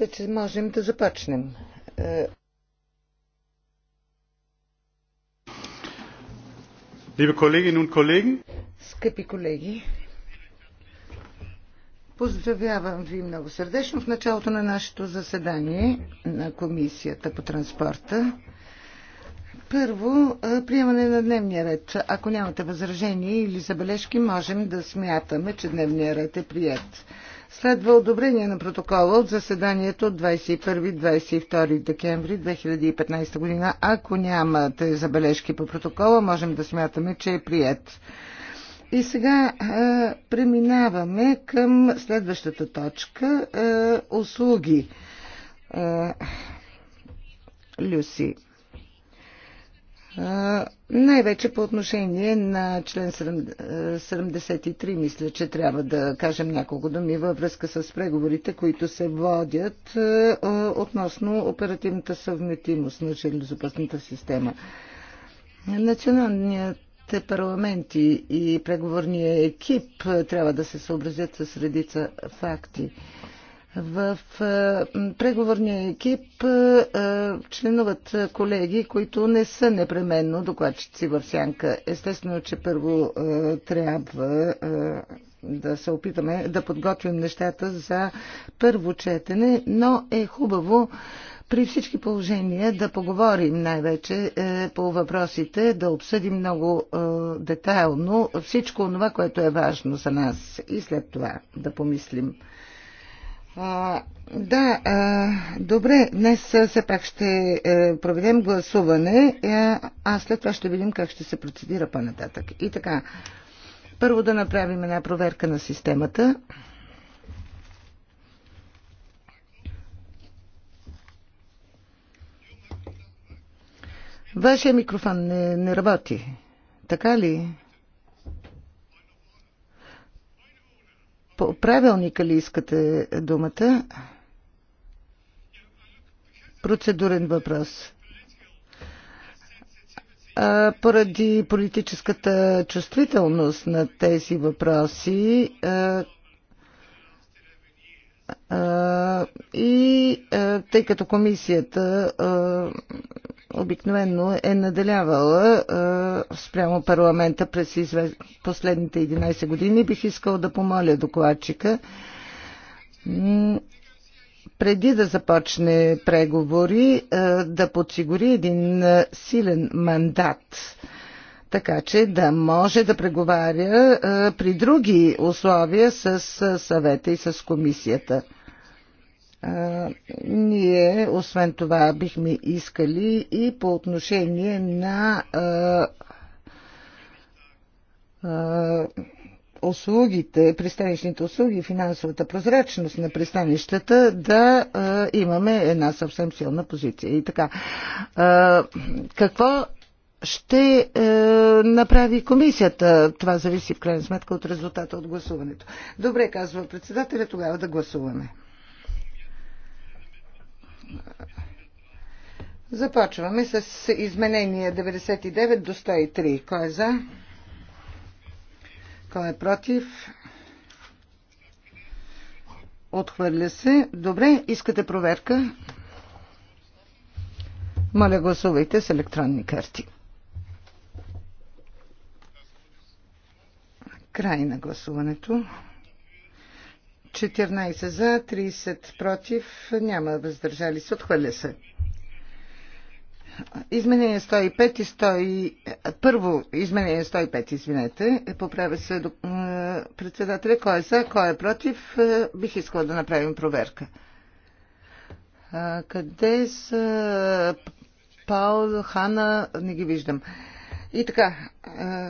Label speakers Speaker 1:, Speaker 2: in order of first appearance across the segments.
Speaker 1: Мисля, че можем да започнем.
Speaker 2: Е, Liebe Kolleginnen und Kollegen,
Speaker 1: Скъпи колеги, поздравявам ви много сърдечно в началото на нашето заседание на Комисията по транспорта. Първо, приемане на дневния ред. Ако нямате възражения или забележки, можем да смятаме, че дневния ред е прият. Следва одобрение на протокола от заседанието от 21-22 декември 2015 година. Ако нямате забележки по протокола, можем да смятаме, че е прият. И сега а, преминаваме към следващата точка а, услуги. А, Люси. Най-вече по отношение на член 73, мисля, че трябва да кажем няколко думи във връзка с преговорите, които се водят относно оперативната съвметимост на железопътната система. Националният парламенти и преговорния екип трябва да се съобразят с редица факти. В е, преговорния екип е, е, членуват колеги, които не са непременно докладчици в сянка. Естествено, че първо трябва да се опитаме да подготвим нещата за първо четене, но е хубаво при всички положения да поговорим най-вече по въпросите, да обсъдим много детайлно всичко това, което е важно за нас и след това да помислим а, да, а, добре, днес все пак ще е, проведем гласуване, е, а след това ще видим как ще се процедира по-нататък. И така, първо да направим една проверка на системата. Вашия микрофон не, не работи. Така ли? правилника ли искате думата? Процедурен въпрос. А, поради политическата чувствителност на тези въпроси а, а, и а, тъй като комисията а, обикновено е наделявала спрямо парламента през последните 11 години. Бих искал да помоля докладчика преди да започне преговори да подсигури един силен мандат така че да може да преговаря при други условия с съвета и с комисията ние, освен това, бихме искали и по отношение на услугите, пристанищните услуги, финансовата прозрачност на пристанищата, да а, имаме една съвсем силна позиция. И така, а, какво ще е, направи комисията? Това зависи в крайна сметка от резултата от гласуването. Добре, казва председателя, тогава да гласуваме. Започваме с изменение 99 до 103. Кой е за? Кой е против? Отхвърля се. Добре, искате проверка? Моля, гласувайте с електронни карти. Край на гласуването. 14 за, 30 против, няма въздържали се, отхвърля се. Изменение 105 и 100... Първо изменение 105, извинете, поправя се до... Е, председателя. Кой е за, кой е против? Е, бих искала да направим проверка. Къде са Паул, Хана? Не ги виждам. И така,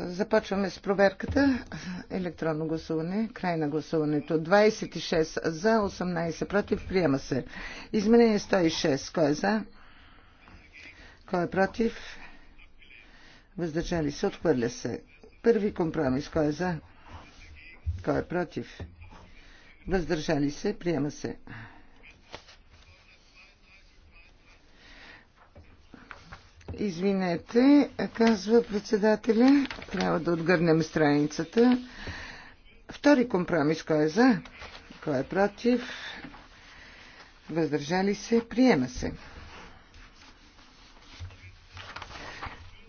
Speaker 1: започваме с проверката. Електронно гласуване, край на гласуването. 26 за, 18 против, приема се. Изменение 106. Кой е за? Кой е против? Въздържали се, отхвърля се. Първи компромис. Кой е за? Кой е против? Въздържали се, приема се. Извинете, казва председателя. Трябва да отгърнем страницата. Втори компромис. Кой е за? Кой е против? Въздържали се? Приема се.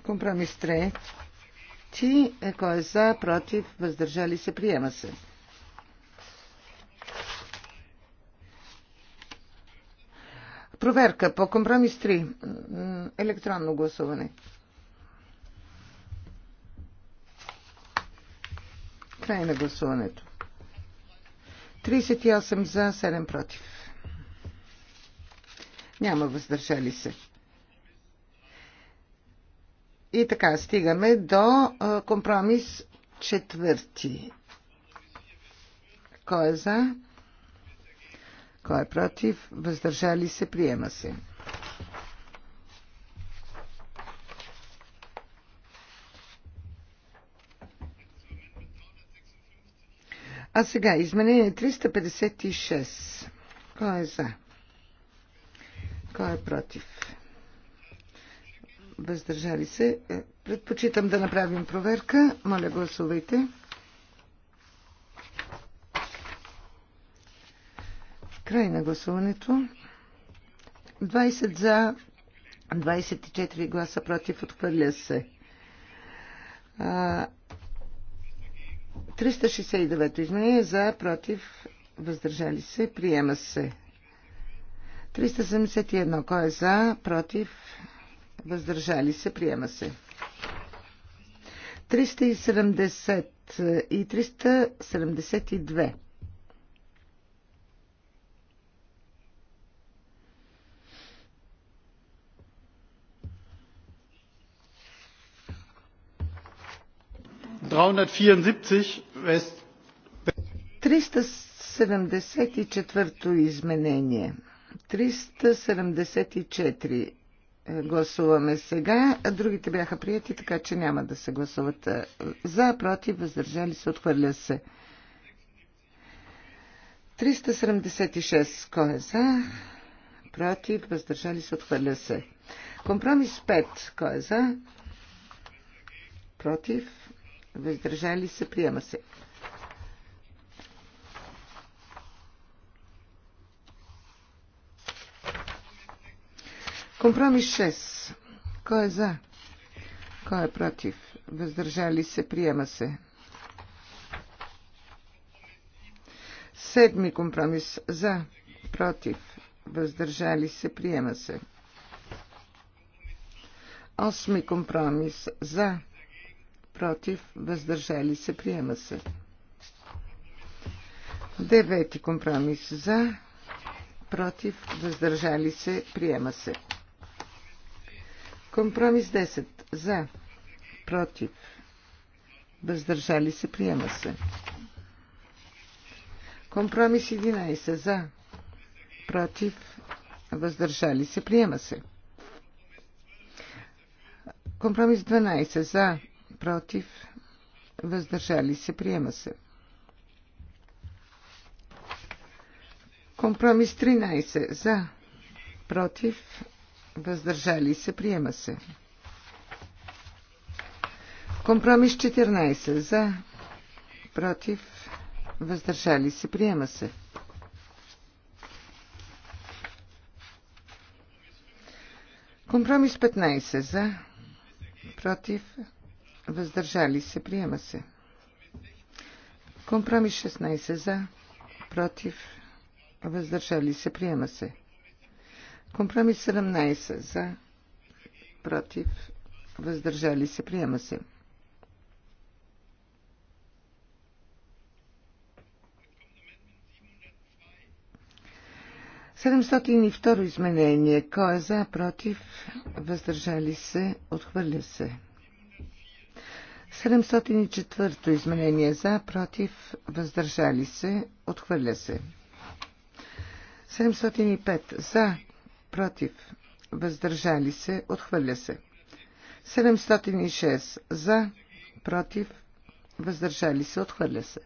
Speaker 1: Компромис 3 трети. Кой е за? Против? Въздържали се? Приема се. Проверка по компромис 3. Електронно гласуване. Край на гласуването. 38 за, 7 против. Няма въздържали се. И така, стигаме до компромис четвърти. Кой е за? Кой е против? Въздържали се? Приема се. А сега изменение 356. Кой е за? Кой е против? Въздържали се. Е, предпочитам да направим проверка. Моля, гласувайте. Край на гласуването. 20 за, 24 гласа против, отхвърля се. 369 изменение за, против, въздържали се, приема се. 371. Кой е за, против, въздържали се, приема се. 370 и 372. 374 то изменение. 374 е, гласуваме сега, другите бяха прияти, така че няма да се гласуват е, за, против, въздържали се, отхвърля се. 376. Кой е за? Против, въздържали се, отхвърля се. Компромис 5. Кой е за? Против, въздържали се, приема се. Компромис 6. Кой е за? Кой е против? Въздържали се, приема се. Седми компромис за, против, въздържали се, приема се. Осми компромис за, против, въздържали се, приема се. Девети компромис за, против, въздържали се, приема се. Компромис 10 за, против, въздържали се, приема се. Компромис 11 за, против, въздържали се, приема се. Компромис 12 за, против, въздържали се, приема се. Компромис 13 за, против, въздържали се, приема се. Компромис 14 за, против, въздържали се, приема се. Компромис 15 за, против, въздържали се, приема се. Компромис 16 за, против, въздържали се, приема се. Компромис 17 за, против, въздържали се, приема се. Седемстотин и второ изменение. Кой е за, против, въздържали се, отхвърля се. 704 изменение за, против, въздържали се, отхвърля се. 705 за, против, въздържали се, отхвърля се. 706 за, против, въздържали се, отхвърля се.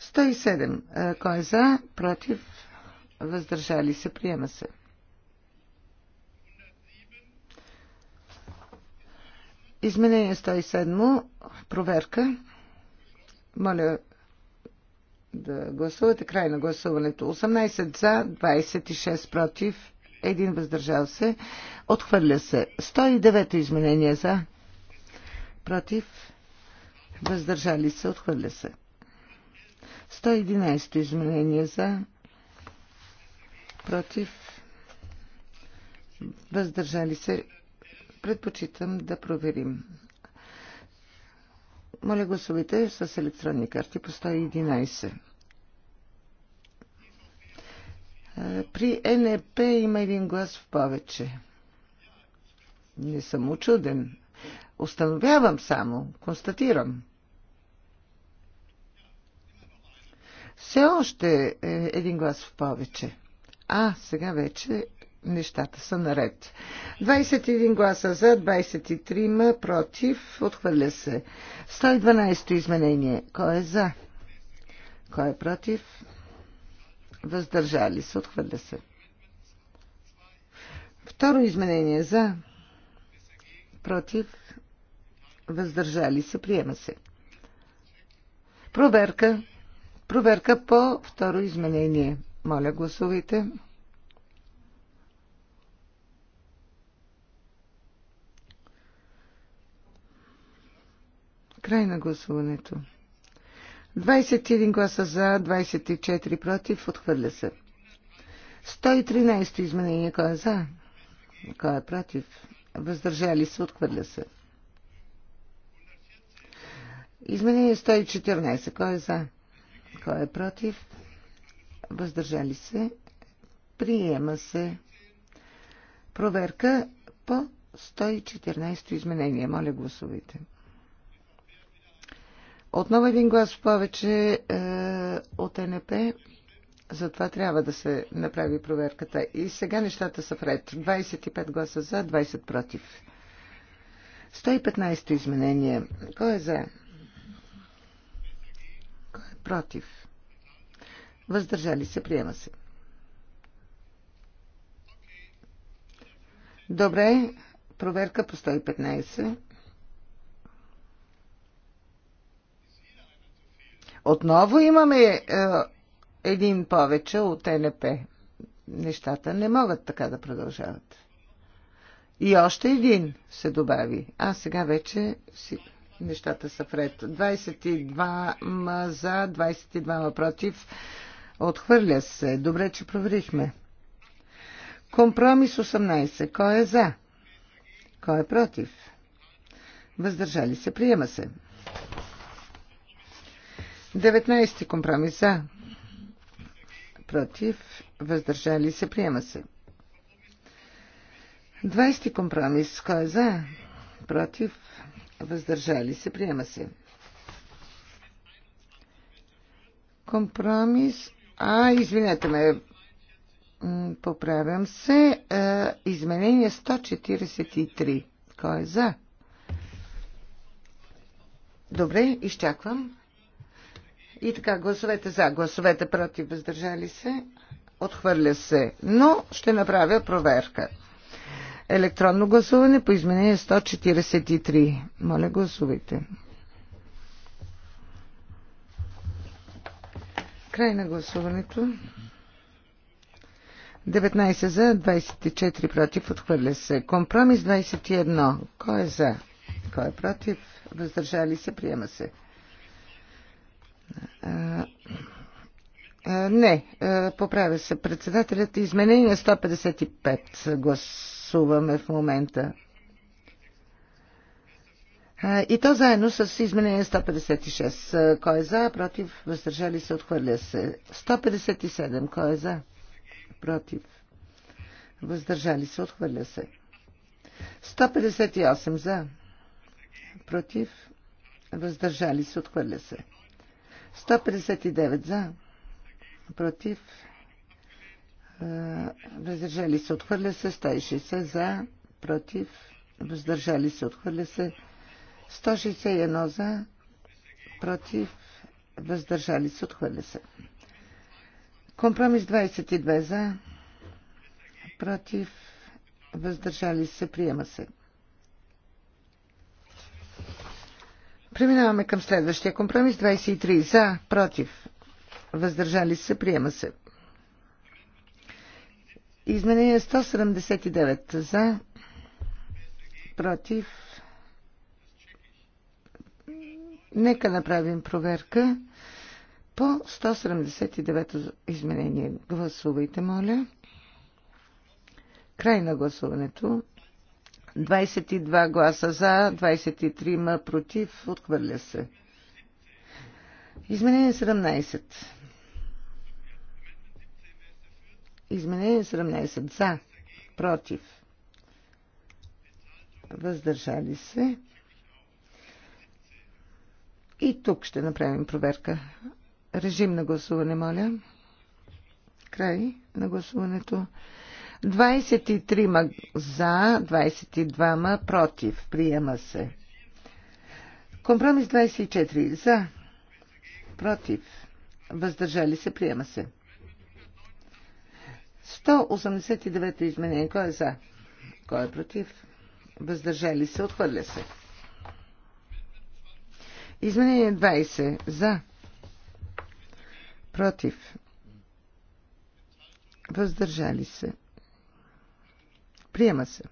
Speaker 1: 107. Кой е за, против, въздържали се, приема се. 708. Изменение 107. Проверка. Моля да гласувате край на гласуването. 18 за, 26 против, 1 въздържал се. Отхвърля се. 109 изменение за, против, въздържали се, отхвърля се. 111 изменение за, против, въздържали се, предпочитам да проверим. Моля гласовите с електронни карти по 111. Е, при НЕП има един глас в повече. Не съм учуден. Установявам само, констатирам. Все още е един глас в повече. А, сега вече нещата са наред. 21 гласа за, 23 ма, против, отхвърля се. 112 изменение. Кой е за? Кой е против? Въздържали се, отхвърля се. Второ изменение е за, против, въздържали се, приема се. Проверка. Проверка по второ изменение. Моля, гласувайте. Край на гласуването. 21 гласа за, 24 против, отхвърля се. 113 изменение. Кой е за? Кой е против? Въздържали се, отхвърля се. Изменение 114. Кой е за? Кой е против? Въздържали се. Приема се. Проверка по 114 изменение. Моля, гласувайте. Отново един глас повече е, от НП. Затова трябва да се направи проверката. И сега нещата са вред. 25 гласа за, 20 против. 115 изменение. Кой е за? Кой е против? Въздържали се, приема се. Добре, проверка по 115. Отново имаме е, един повече от НП. Нещата не могат така да продължават. И още един се добави. А сега вече си, нещата са вред. 22 за, 22 против. Отхвърля се. Добре, че проверихме. Компромис 18. Кой е за? Кой е против? Въздържали се. Приема се. 19 компромис за. Против. Въздържали се. Приема се. 20 компромис. Кой е за? Против. Въздържали се. Приема се. Компромис. А, извинете ме. Поправям се. Изменение 143. Кой е за? Добре, изчаквам. И така, гласовете за, гласовете против, въздържали се, отхвърля се. Но ще направя проверка. Електронно гласуване по изменение 143. Моля, гласувайте. Край на гласуването. 19 за, 24 против, отхвърля се. Компромис 21. Кой е за? Кой е против? Въздържали се, приема се. Не, поправя се председателят. Изменение 155 гласуваме в момента. И то заедно с изменение 156. Кой е за, против, въздържали се, отхвърля се. 157. Кой е за, против, въздържали се, отхвърля се. 158 за, против, въздържали се, отхвърля се. 159 за, против, въздържали се, отхвърля се, 160 за, против, въздържали се, отхвърля се, 161 за, против, въздържали се, отхвърля се. Компромис 22 за, против, въздържали се, приема се. Преминаваме към следващия компромис. 23 за, против, въздържали се, приема се. Изменение 179 за, против. Нека направим проверка по 179 изменение. Гласувайте, моля. Край на гласуването. 22 гласа за, 23 ма против, отхвърля се. Изменение 17. Изменение 17 за, против, въздържали се. И тук ще направим проверка. Режим на гласуване, моля. Край на гласуването. 23 за, 22 против. Приема се. Компромис 24 за, против. Въздържали се. Приема се. 189 изменение. Кой е за? Кой е против? Въздържали се. Отхвърля се. Изменение 20 за, против. Въздържали се. Приема се.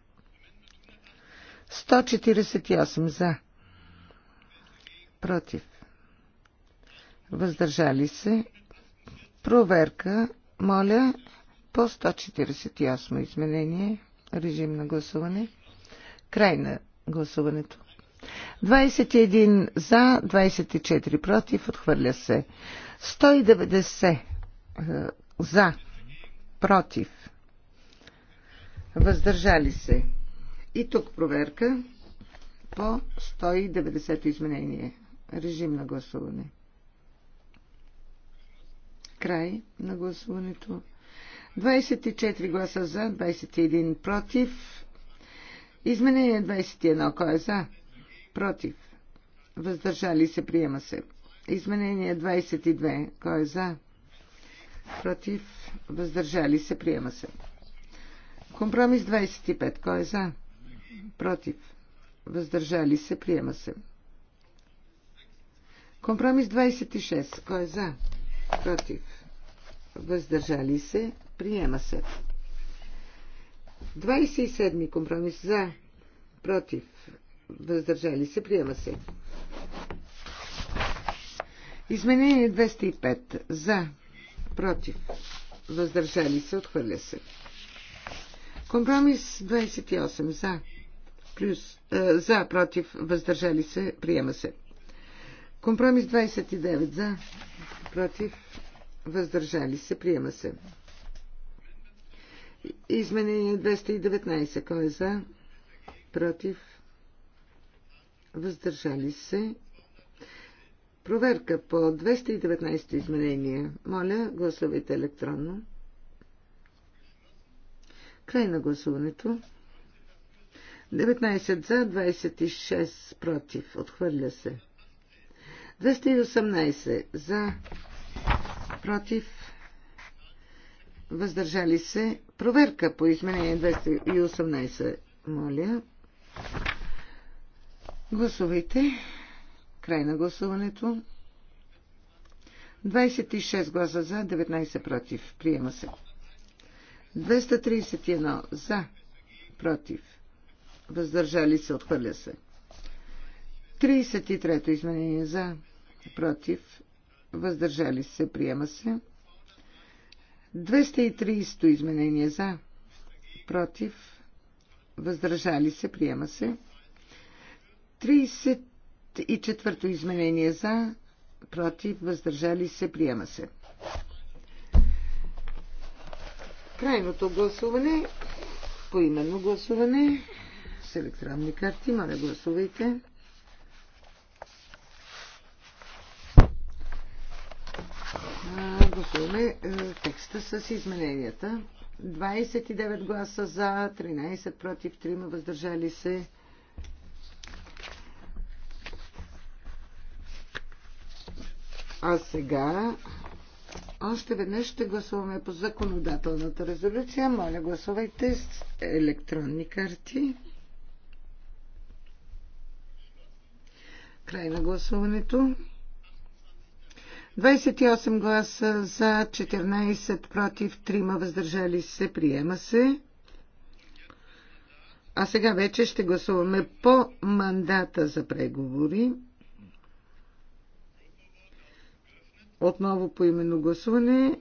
Speaker 1: 148 за. Против. Въздържали се. Проверка. Моля по 148 изменение. Режим на гласуване. Край на гласуването. 21 за, 24 против, отхвърля се. 190 е, за, против, въздържали се. И тук проверка по 190 изменение. Режим на гласуване. Край на гласуването. 24 гласа за, 21 против. Изменение 21. Кой е за? Против. Въздържали се, приема се. Изменение 22. Кой е за? Против. Въздържали се, приема се. Компромис 25. Кой е за? Против. Въздържали се. Приема се. Компромис 26. Кой е за? Против. Въздържали се. Приема се. 27. Компромис за. Против. Въздържали се. Приема се. Изменение 205. За. Против. Въздържали се. Отхвърля се. Компромис 28 за, плюс, э, за, против, въздържали се, приема се. Компромис 29 за, против, въздържали се, приема се. Изменение 219. Кой е за? Против? Въздържали се? Проверка по 219 изменения. Моля, гласувайте електронно. Край на гласуването. 19 за, 26 против. Отхвърля се. 218 за, против. Въздържали се. Проверка по изменение 218. Моля. Гласувайте. Край на гласуването. 26 гласа за, 19 против. Приема се. 231 за, против, въздържали се, отхвърля се. 33-то изменение за, против, въздържали се, приема се. 230-то изменение за, против, въздържали се, приема се. 34-то изменение за, против, въздържали се, приема се. Крайното гласуване, поименно гласуване с електронни карти. Моля, гласувайте. Гласуваме е, текста с измененията. 29 гласа за, 13 против, 3 въздържали се. А сега още веднъж ще гласуваме по законодателната резолюция. Моля, гласувайте с електронни карти. Край на гласуването. 28 гласа за, 14 против, 3 въздържали се, приема се. А сега вече ще гласуваме по мандата за преговори. Отново по именно гласуване.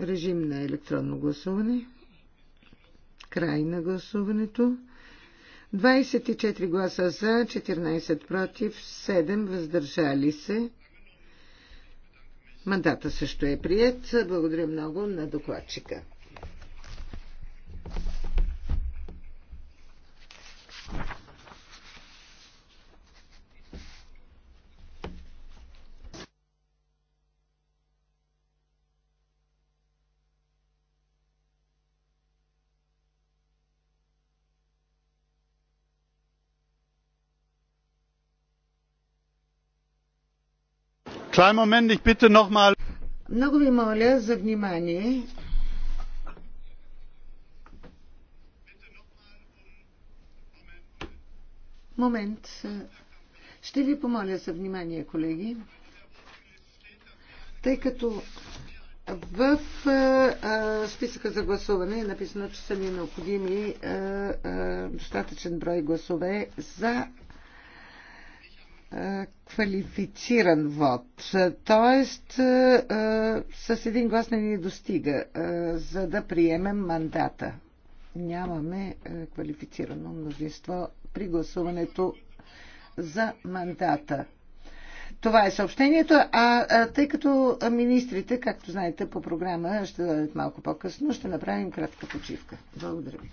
Speaker 1: Режим на електронно гласуване. Край на гласуването. 24 гласа за, 14 против, 7 въздържали се. Мандата също е прият. Благодаря много на докладчика. Klein Moment, ich bitte noch mal. Много ви моля за внимание. Момент. Ще ви помоля за внимание, колеги. Тъй като в а, списъка за гласуване е написано, че са ми необходими а, а, достатъчен брой гласове за е, квалифициран вод. Тоест, е, е, с един глас не ни достига, за да приемем мандата. Нямаме квалифицирано мнозинство при гласуването за мандата. Това е съобщението, а, а тъй като министрите, както знаете по програма, ще дадат малко по-късно, ще направим кратка почивка. Благодаря ви.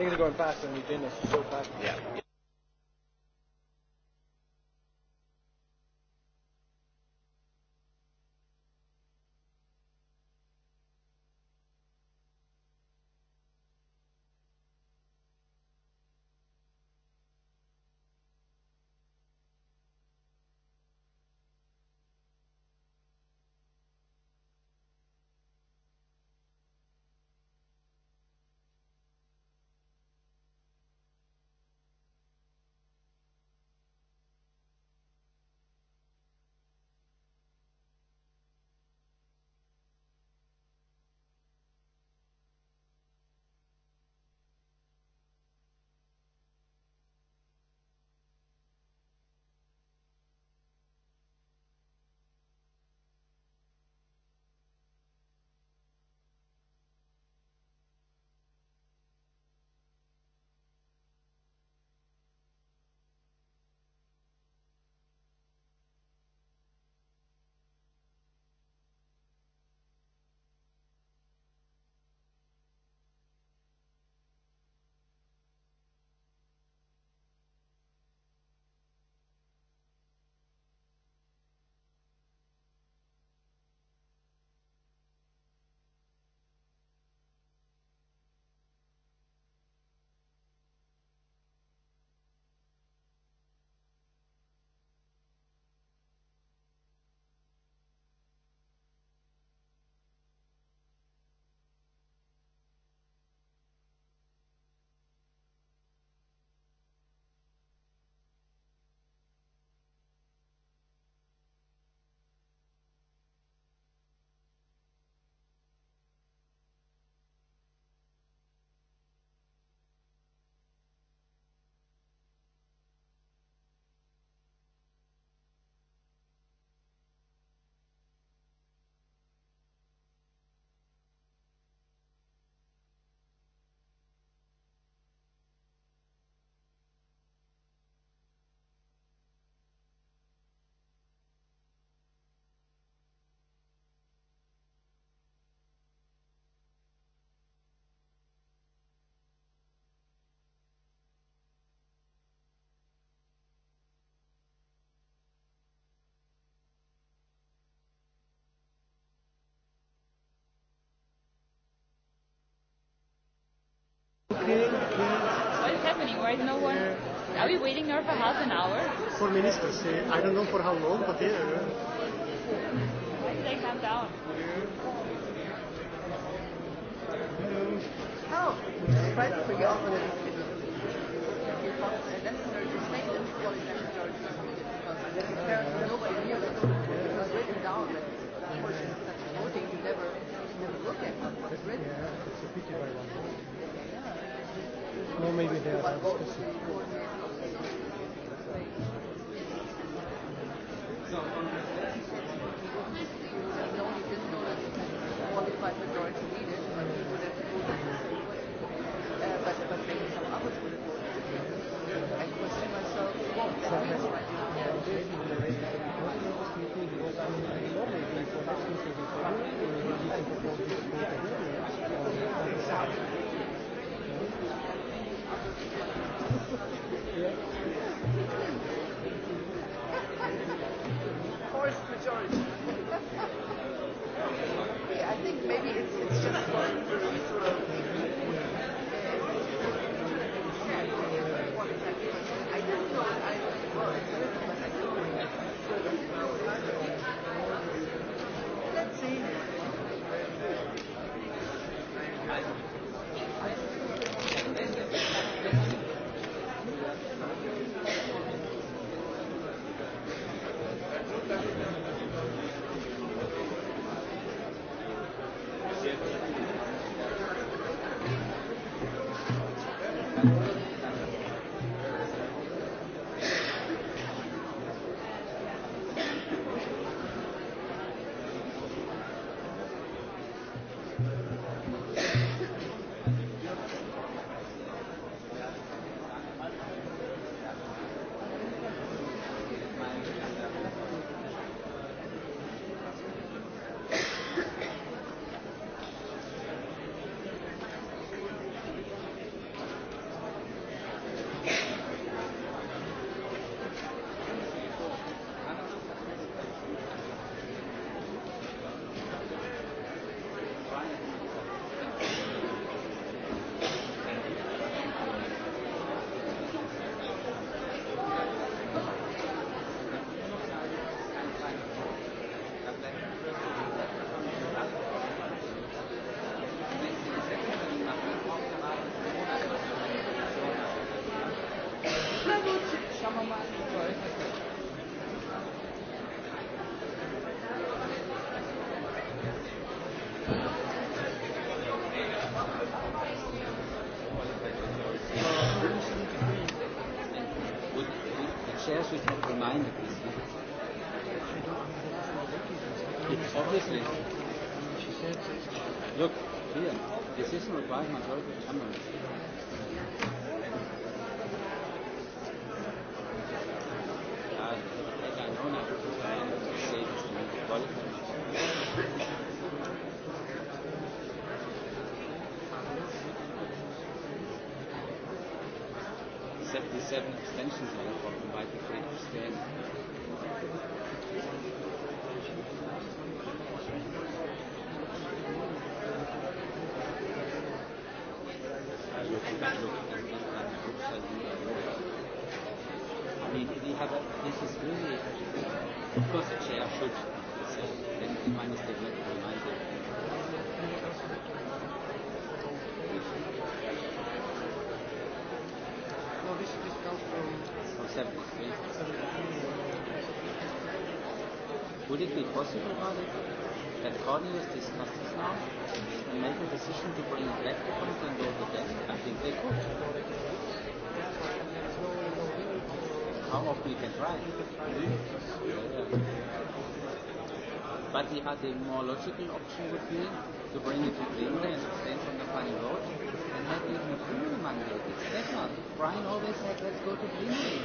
Speaker 3: Things are going faster than we've been. This so fast. Yeah.
Speaker 4: right? No one. Are we waiting there for half an hour?
Speaker 2: For ministers, uh, I don't know for how long, but yeah.
Speaker 5: Why did they come down? Oh, it was
Speaker 3: written down that such voting you never look at
Speaker 5: what written. Yeah, Well, maybe they are discussing. qualified majority leader.
Speaker 3: weiß, man sollte es anders. Seventy-seven extensions No, this, From Would it be possible, Margaret, that coordinators discuss this now and make a decision to bring back the content and go desk? I think they could. How often you can try? But he had a more logical option would be to bring it to Greenway and extend from the funny road and have even a fuel magnet. That's not. Brian always said, let's go to Greenway.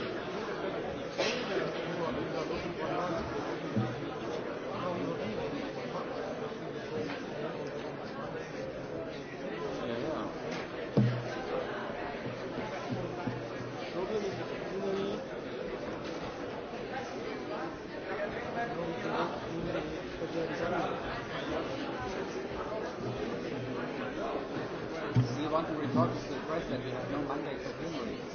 Speaker 3: God is the president, we have no mandate for Hillary. we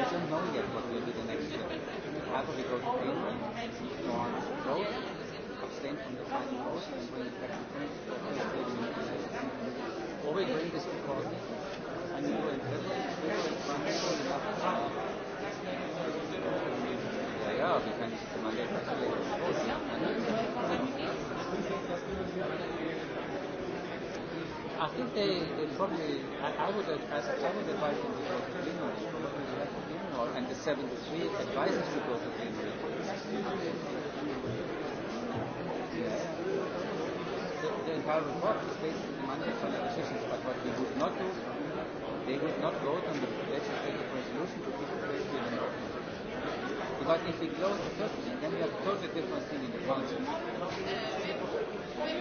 Speaker 3: don't know yet what will be the next year. Either we go to Greenland or vote, abstain from the final vote, and bring it back to Greenland. Or we bring this because I knew in February, February, Yeah, yeah,
Speaker 5: we can use the mandate. I think
Speaker 3: they, they probably, I, I would advise, I would advise them to go to Greenwald Greenwich, and the 73 advises to go to Greenwich. The, the entire report is based on the decisions, but what we would not do, they would not vote on the legislative resolution to keep the European Union. Because if we close the first thing, then we have totally different thing in the country.
Speaker 5: Okay,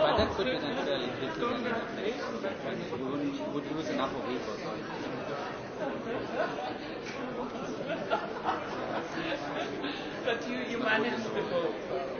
Speaker 3: but that could be then fairly different in effect. You wouldn't, would lose enough of week so. but you, you managed the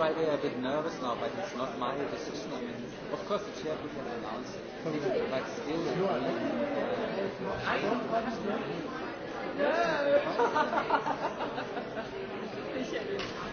Speaker 3: why they are a bit nervous now, but it's not my decision. I mean, of course the chair can announce it, but still. You are Uh,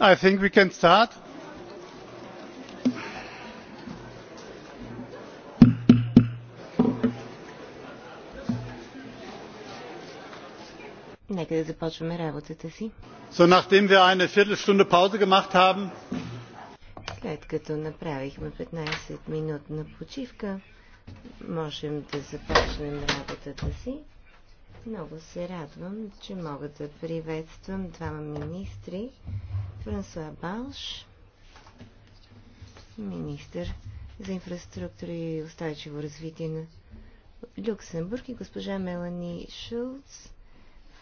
Speaker 2: I think we can start.
Speaker 6: Нека да започваме работата си. So,
Speaker 2: nachdem wir eine Viertelstunde Pause gemacht haben,
Speaker 6: след като направихме 15 минутна почивка, можем да започнем работата си. Много се радвам, че мога да приветствам двама министри Франсуа Балш, министър за инфраструктура и устойчиво развитие на Люксембург и госпожа Мелани Шулц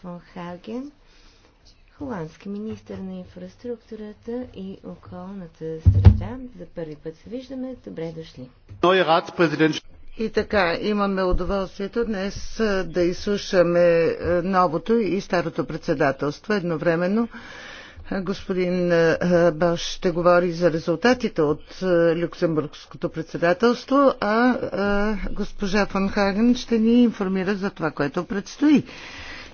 Speaker 6: фон Хаген, холандски министър на инфраструктурата и околната среда. За първи път се виждаме. Добре дошли.
Speaker 1: Е и така, имаме удоволствието днес да изслушаме новото и старото председателство едновременно. Господин е, Баш ще говори за резултатите от е, Люксембургското председателство, а е, госпожа Фон Хаген ще ни информира за това, което предстои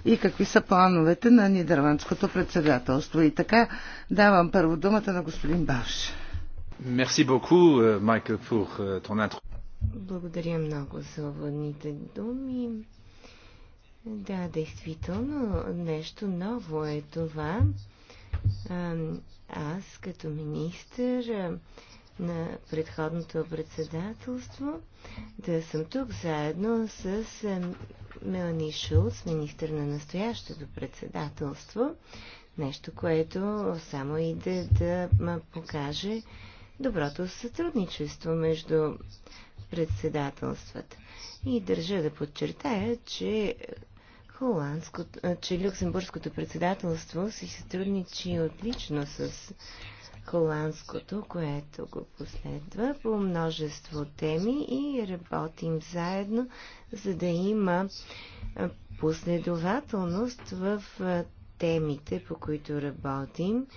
Speaker 1: и какви са плановете на Нидерландското председателство. И така давам първо думата на господин Баш.
Speaker 3: Merci beaucoup, Michael, pour ton intro.
Speaker 6: Благодаря много за водните думи. Да, действително, нещо ново е това аз като министър на предходното председателство да съм тук заедно с Мелани Шулц, министър на настоящото председателство. Нещо, което само иде да покаже доброто сътрудничество между председателствата. И държа да подчертая, че холандското, че люксембургското председателство си сътрудничи отлично с холандското, което го последва по множество теми и работим заедно, за да има последователност в темите, по които работим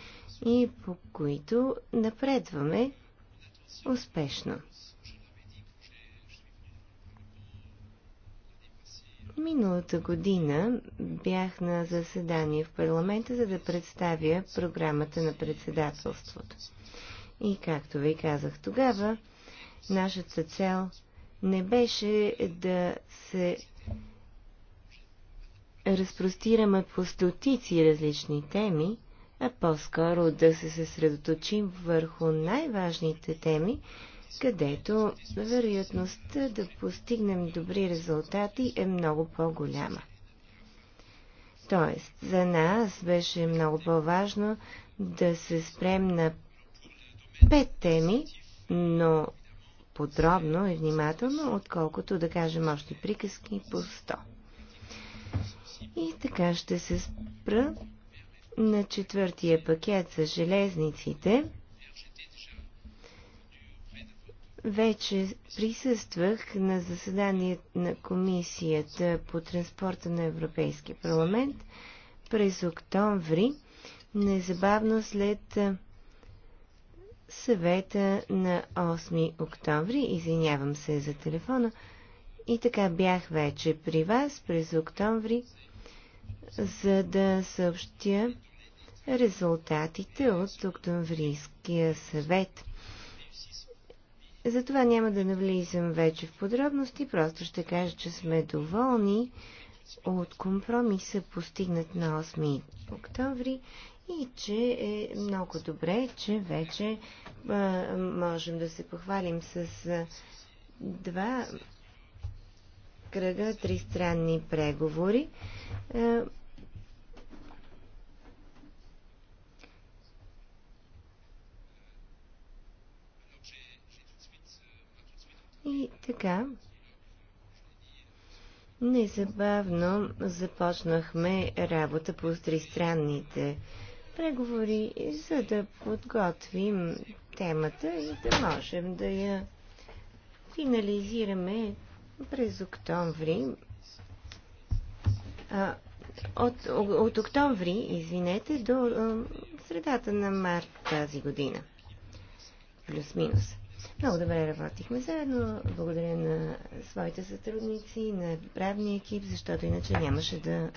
Speaker 6: и по които напредваме успешно. Миналата година бях на заседание в парламента, за да представя програмата на председателството. И както ви казах тогава, нашата цел не беше да се разпростираме по стотици различни теми, а по-скоро да се съсредоточим върху най-важните теми, където вероятността да постигнем добри резултати е много по-голяма. Тоест, за нас беше много по-важно да се спрем на пет теми, но подробно и внимателно, отколкото да кажем още приказки по 100. И така ще се спра на четвъртия пакет за железниците – вече присъствах на заседание на Комисията по транспорта на Европейския парламент през октомври, незабавно след съвета на 8 октомври. Извинявам се за телефона. И така бях вече при вас през октомври, за да съобщя резултатите от Октомврийския съвет – затова няма да навлизам вече в подробности, просто ще кажа, че сме доволни от компромиса постигнат на 8 октомври и че е много добре, че вече а, можем да се похвалим с а, два кръга тристранни преговори. А, И така, незабавно започнахме работа по тристранните преговори, за да подготвим темата и да можем да я финализираме през октомври. А, от, от октомври, извинете, до а, средата на март тази година. Плюс-минус. Много добре работихме заедно. Благодаря на своите сътрудници, на правния екип, защото иначе нямаше да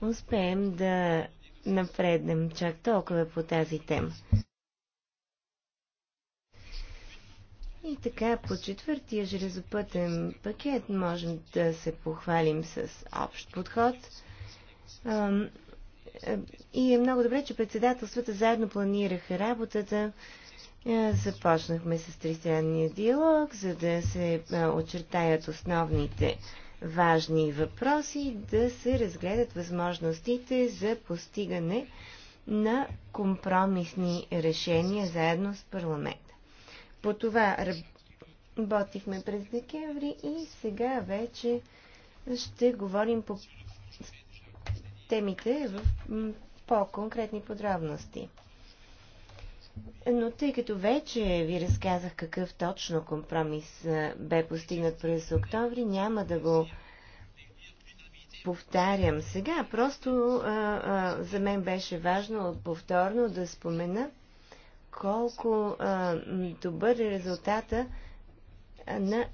Speaker 6: успеем да напреднем чак толкова по тази тема. И така, по четвъртия железопътен пакет можем да се похвалим с общ подход. Е, и е много добре, че председателствата заедно планираха работата. Е, започнахме с тристранния диалог, за да се е, очертаят основните важни въпроси, да се разгледат възможностите за постигане на компромисни решения заедно с парламента. По това работихме през декември и сега вече ще говорим по темите в по-конкретни подробности. Но тъй като вече ви разказах какъв точно компромис бе постигнат през октомври, няма да го повтарям сега. Просто а, а, за мен беше важно повторно да спомена колко а, добър е резултата на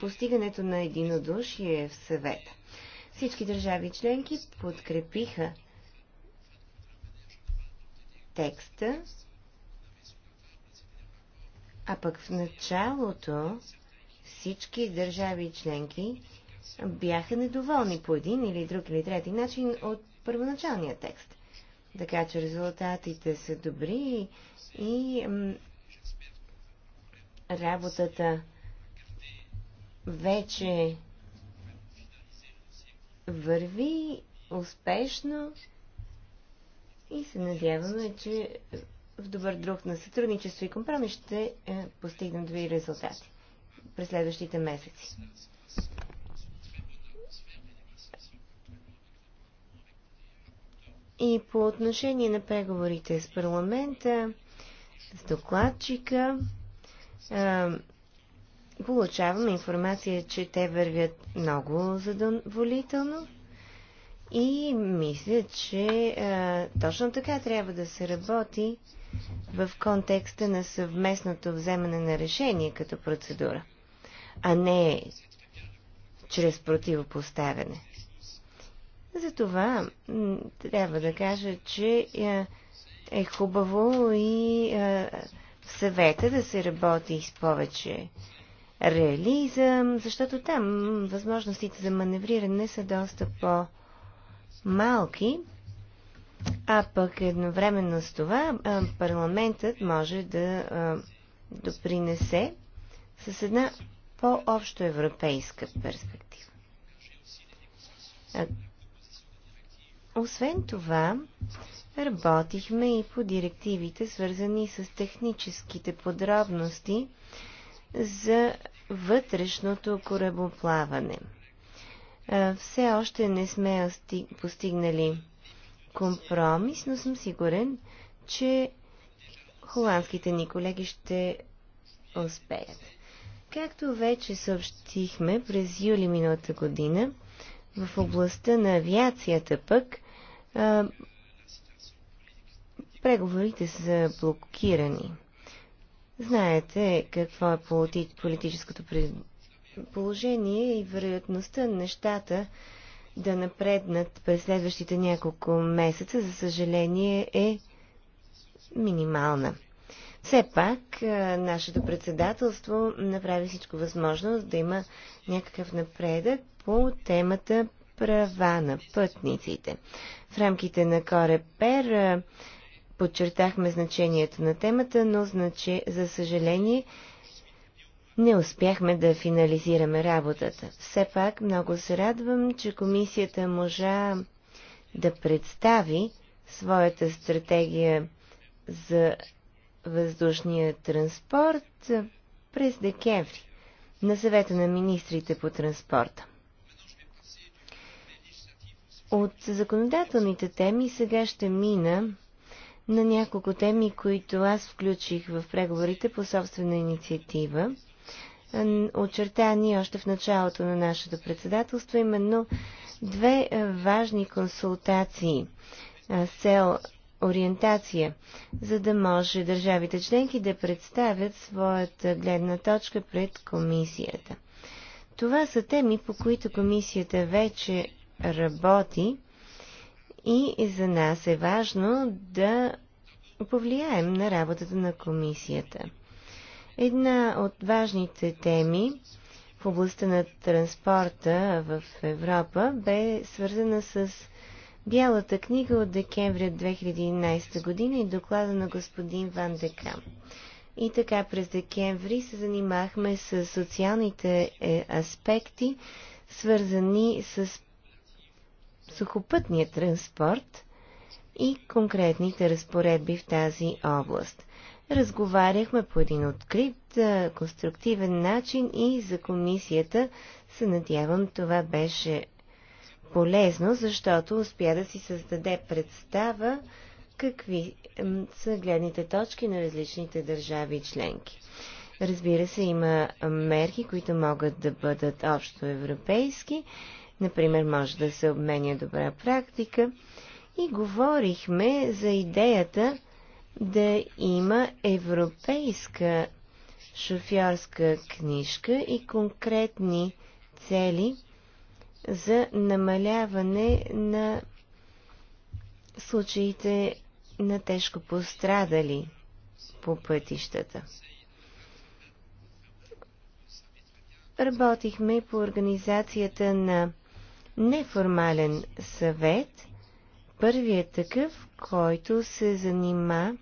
Speaker 6: постигането на единодушие в съвета. Всички държави членки подкрепиха текста, а пък в началото всички държави и членки бяха недоволни по един или друг или трети начин от първоначалния текст. Така че резултатите са добри и работата вече върви успешно и се надяваме, че в добър друг на сътрудничество и компромис ще е, постигнем добри резултати през следващите месеци. И по отношение на преговорите с парламента, с докладчика, е, получаваме информация, че те вървят много задоволително. И мисля, че а, точно така трябва да се работи в контекста на съвместното вземане на решение като процедура, а не чрез противопоставяне. Затова трябва да кажа, че е хубаво и в съвета да се работи с повече реализъм, защото там възможностите за маневриране са доста по- малки, а пък едновременно с това парламентът може да допринесе с една по-общо европейска перспектива. Освен това, работихме и по директивите, свързани с техническите подробности за вътрешното корабоплаване – е, все още не сме постигнали компромис, но съм сигурен, че холандските ни колеги ще успеят. Както вече съобщихме през юли миналата година, в областта на авиацията пък а, е, преговорите са блокирани. Знаете какво е политическото положение и вероятността нещата да напреднат през следващите няколко месеца, за съжаление, е минимална. Все пак, нашето председателство направи всичко възможно да има някакъв напредък по темата права на пътниците. В рамките на Корепер подчертахме значението на темата, но значи, за съжаление не успяхме да финализираме работата. Все пак много се радвам, че комисията можа да представи своята стратегия за въздушния транспорт през декември на съвета на министрите по транспорта. От законодателните теми сега ще мина на няколко теми, които аз включих в преговорите по собствена инициатива очертани още в началото на нашето председателство, именно две е, важни консултации е, с цел ориентация, за да може държавите членки да представят своята гледна точка пред комисията. Това са теми, по които комисията вече работи и за нас е важно да повлияем на работата на комисията. Една от важните теми в областта на транспорта в Европа бе свързана с Бялата книга от декември 2011 година и доклада на господин Ван Декам. И така през декември се занимахме с социалните е, аспекти, свързани с сухопътния транспорт и конкретните разпоредби в тази област. Разговаряхме по един открит, конструктивен начин и за комисията се надявам това беше полезно, защото успя да си създаде представа какви са гледните точки на различните държави и членки. Разбира се, има мерки, които могат да бъдат общо европейски. Например, може да се обменя добра практика. И говорихме за идеята да има европейска шофьорска книжка и конкретни цели за намаляване на случаите на тежко пострадали по пътищата. Работихме по организацията на неформален съвет, първият такъв, който се занима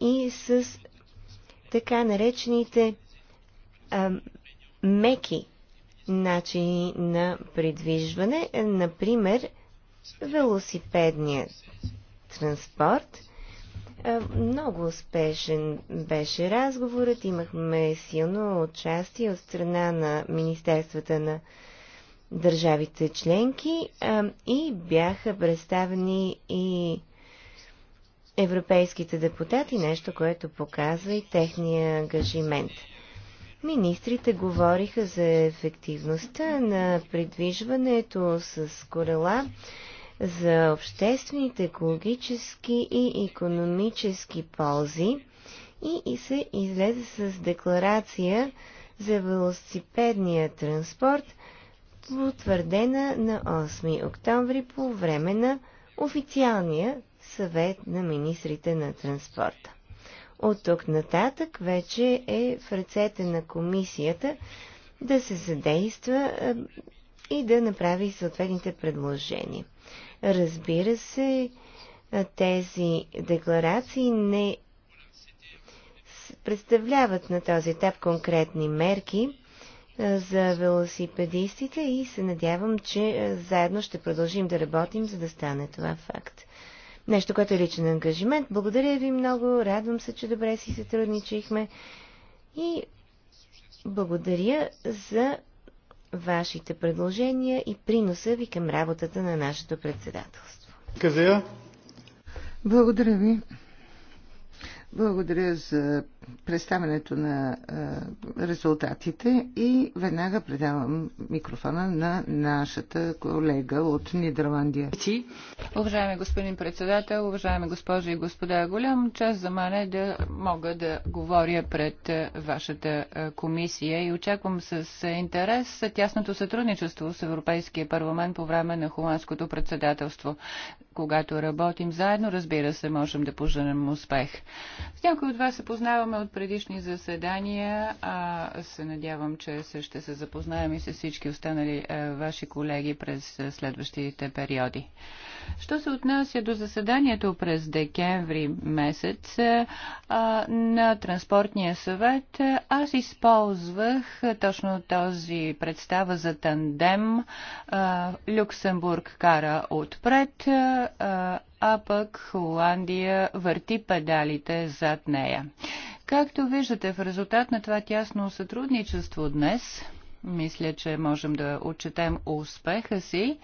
Speaker 6: и с така наречените а, меки начини на придвижване, например велосипедният транспорт. много успешен беше разговорът. Имахме силно участие от страна на Министерствата на държавите членки и бяха представени и европейските депутати, нещо, което показва и техния ангажимент. Министрите говориха за ефективността на придвижването с корела, за обществените, екологически и економически ползи и, се излезе с декларация за велосипедния транспорт, потвърдена на 8 октомври по време на официалния съвет на министрите на транспорта. От тук нататък вече е в ръцете на комисията да се задейства и да направи съответните предложения. Разбира се, тези декларации не представляват на този етап конкретни мерки за велосипедистите и се надявам, че заедно ще продължим да работим, за да стане това факт. Нещо, което е личен ангажимент. Благодаря ви много, радвам се, че добре си сътрудничихме и благодаря за вашите предложения и приноса ви към работата на нашето
Speaker 1: председателство. Казия. Благодаря ви. Благодаря за Представянето на резултатите и
Speaker 4: веднага предавам микрофона на нашата колега от Нидерландия. Уважаеми господин председател, уважаеми госпожи и господа, голям чест за мен е да мога да говоря пред вашата комисия и очаквам с интерес тясното сътрудничество с Европейския парламент по време на холандското председателство. Когато работим заедно, разбира се, можем да поженем успех. С някои от вас се познаваме имаме от предишни заседания. А се надявам, че ще се запознаем и с всички останали е, ваши колеги през следващите периоди. Що се отнася до заседанието през декември месец е, а, на Транспортния съвет, е, аз използвах точно този представа за тандем а, Люксембург кара отпред, а, а пък Холандия върти педалите зад нея. Както виждате, в резултат на това тясно сътрудничество днес, мисля, че можем да отчетем успеха си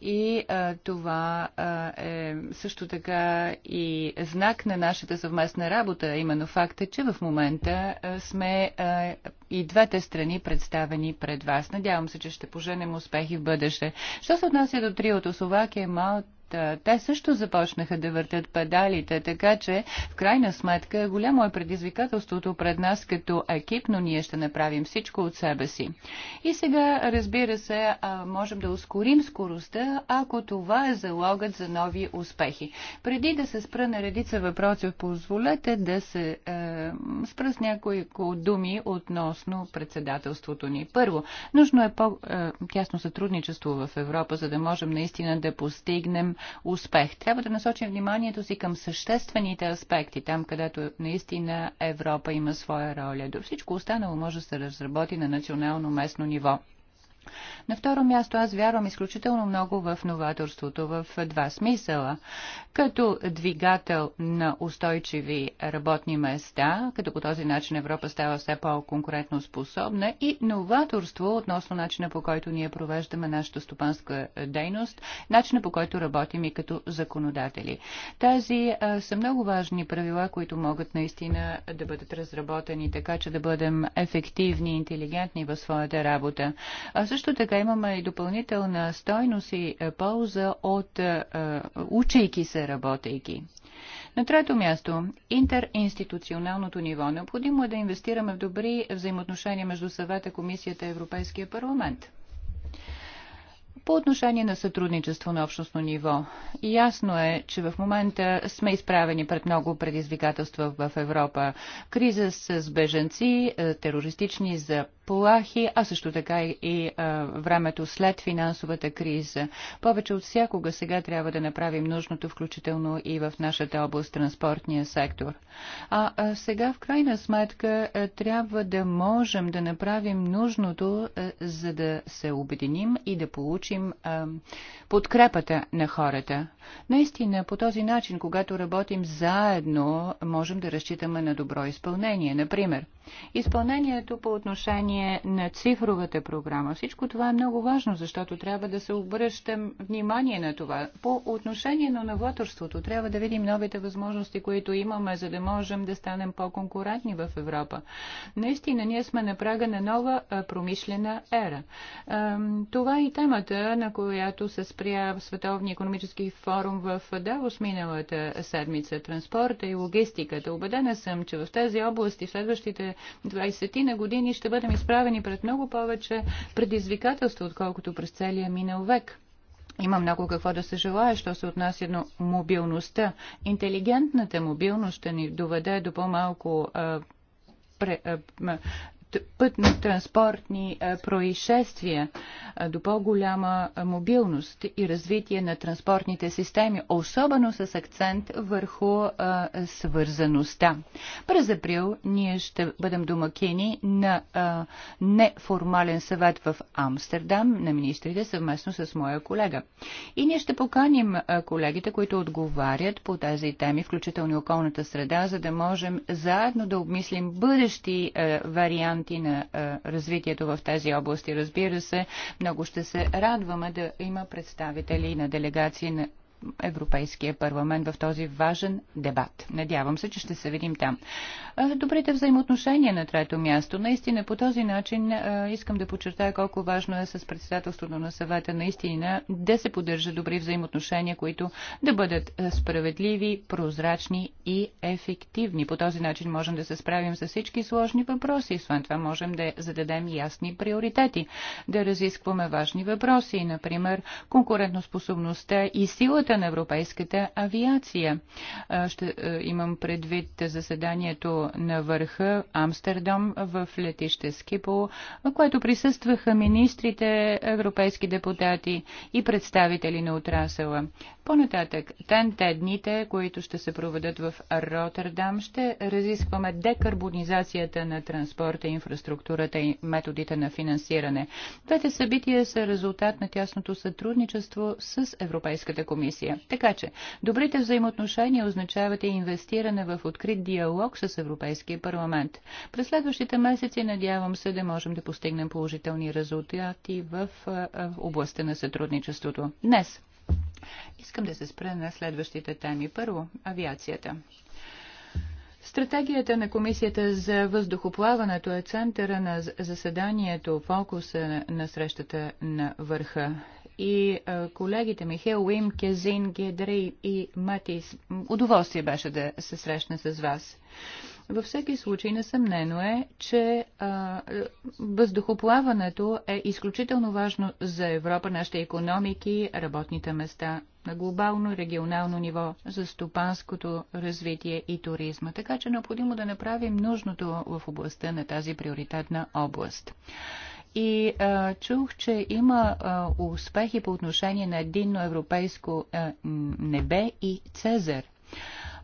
Speaker 4: и а, това а, е също така и знак на нашата съвместна работа, именно факта, че в момента а, сме а, и двете страни представени пред вас. Надявам се, че ще поженем успехи в бъдеще. Що се отнася до триото Словакия, Малта, те също започнаха да въртят педалите, така че в крайна сметка голямо е предизвикателството пред нас като екип, но ние ще направим всичко от себе си. И сега, разбира се, можем да ускорим скоростта, ако това е залогът за нови успехи. Преди да се спра на редица въпроси, позволете да се е, спра с някои думи относно ясно председателството ни. Първо, нужно е по-тясно е, сътрудничество в Европа, за да можем наистина да постигнем успех. Трябва да насочим вниманието си към съществените аспекти, там където наистина Европа има своя роля. До всичко останало може да се разработи на национално местно ниво. На второ място аз вярвам изключително много в новаторството в два смисъла. Като двигател на устойчиви работни места, като по този начин Европа става все по-конкурентно способна и новаторство относно начина по който ние провеждаме нашата стопанска дейност, начина по който работим и като законодатели. Тази а, са много важни правила, които могат наистина да бъдат разработени така, че да бъдем ефективни и интелигентни в своята работа. А също така имаме и допълнителна стойност и е, полза от е, е, учейки се, работейки. На трето място, интеринституционалното ниво. Необходимо е да инвестираме в добри взаимоотношения между съвета, комисията и Европейския парламент. По отношение на сътрудничество на общностно ниво, ясно е, че в момента сме изправени пред много предизвикателства в Европа. Криза с беженци, терористични за заплахи, а също така и а, времето след финансовата криза. Повече от всякога сега трябва да направим нужното, включително и в нашата област, транспортния сектор. А, а сега, в крайна сметка, трябва да можем да направим нужното, а, за да се обединим и да получим а, подкрепата на хората. Наистина, по този начин, когато работим заедно, можем да разчитаме на добро изпълнение. Например, изпълнението по отношение отношение на цифровата програма. Всичко това е много важно, защото трябва да се обръщам внимание на това. По отношение на новаторството трябва да видим новите възможности, които имаме, за да можем да станем по-конкурентни в Европа. Наистина, ние сме на прага на нова промишлена ера. Това е и темата, на която се спря Световния економически форум в Давос миналата седмица. Транспорта и логистиката. Обедена съм, че в тези области в следващите 20 на години ще бъдем изпълнени изправени пред много повече предизвикателства, отколкото през целия минал век. Има много какво да се желая, що се отнася до мобилността. Интелигентната мобилност ще ни доведе до по-малко пътно-транспортни происшествия, до по-голяма мобилност и развитие на транспортните системи, особено с акцент върху свързаността. През април ние ще бъдем домакини на неформален съвет в Амстердам на министрите съвместно с моя колега. И ние ще поканим колегите, които отговарят по тези теми, включително околната среда, за да можем заедно да обмислим бъдещи варианти варианти на развитието в тези области. Разбира се, много ще се радваме да има представители на делегации на Европейския парламент в този важен дебат. Надявам се, че ще се видим там. Добрите взаимоотношения на трето място. Наистина по този начин искам да подчертая колко важно е с председателството на съвета наистина да се поддържа добри взаимоотношения, които да бъдат справедливи, прозрачни и ефективни. По този начин можем да се справим с всички сложни въпроси. Освен това можем да зададем ясни приоритети, да разискваме важни въпроси, например конкурентоспособността и силата сигурността на европейската авиация. Ще имам предвид заседанието на върха Амстердам в летище Скипол, в което присъстваха министрите, европейски депутати и представители на отрасъла. По-нататък, тенте дните, които ще се проведат в Роттердам, ще разискваме декарбонизацията на транспорта, инфраструктурата и методите на финансиране. Двете събития са резултат на тясното сътрудничество с Европейската комисия комисия. Така че, добрите взаимоотношения означават и инвестиране в открит диалог с Европейския парламент. През следващите месеци надявам се да можем да постигнем положителни резултати в, в областта на сътрудничеството. Днес искам да се спра на следващите теми. Първо, авиацията. Стратегията на Комисията за въздухоплаването е центъра на заседанието, фокуса на срещата на върха и колегите ми Уим, Кезин, Гедри и Матис. Удоволствие беше да се срещна с вас. Във всеки случай, несъмнено е, че а, въздухоплаването е изключително важно за Европа, нашите економики, работните места на глобално и регионално ниво за стопанското развитие и туризма. Така че е необходимо да направим нужното в областта на тази приоритетна област и а, чух, че има а, успехи по отношение на единно европейско а, небе и Цезар.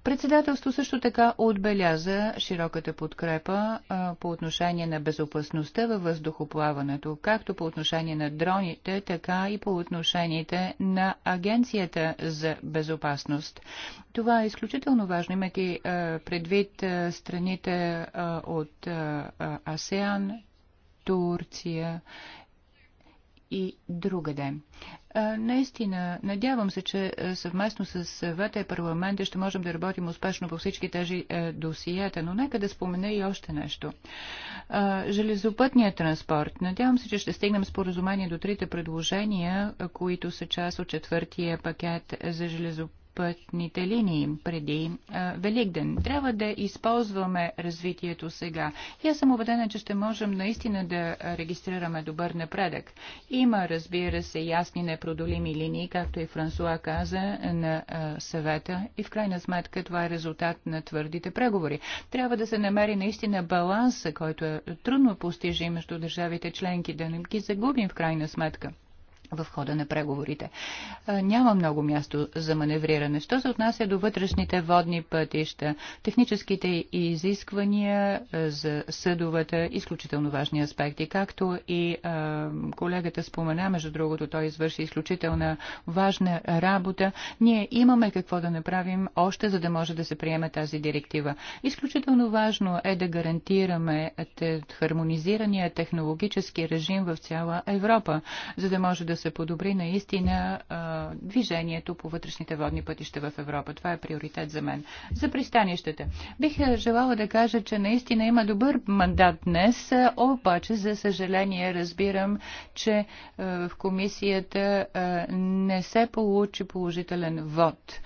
Speaker 4: Председателство също така отбеляза широката подкрепа а, по отношение на безопасността във въздухоплаването, както по отношение на дроните, така и по отношението на Агенцията за безопасност. Това е изключително важно, имайки предвид страните а, от а, АСЕАН, Турция и другаде. Наистина, надявам се, че съвместно с съвета и парламента ще можем да работим успешно по всички тези досиета, но нека да спомена и още нещо. Железопътният транспорт. Надявам се, че ще стигнем поразумение до трите предложения, които са част от четвъртия пакет за железопътния пътните линии преди а, Великден. Трябва да използваме развитието сега. И аз съм убедена, че ще можем наистина да регистрираме добър напредък. Има, разбира се, ясни непродолими линии, както и Франсуа каза на а, съвета и в крайна сметка това е резултат на твърдите преговори. Трябва да се намери наистина баланса, който е трудно постижим между държавите членки, да не ги загубим в крайна сметка в хода на преговорите. Няма много място за маневриране. Що се отнася до вътрешните водни пътища, техническите изисквания за съдовата, изключително важни аспекти, както и колегата спомена, между другото, той извърши изключителна важна работа. Ние имаме какво да направим още, за да може да се приеме тази директива. Изключително важно е да гарантираме хармонизирания технологически режим в цяла Европа, за да може да се подобри наистина а, движението по вътрешните водни пътища в Европа. Това е приоритет за мен. За пристанищата. Бих желала да кажа, че наистина има добър мандат днес, обаче, за съжаление, разбирам, че а, в комисията а, не се получи положителен вод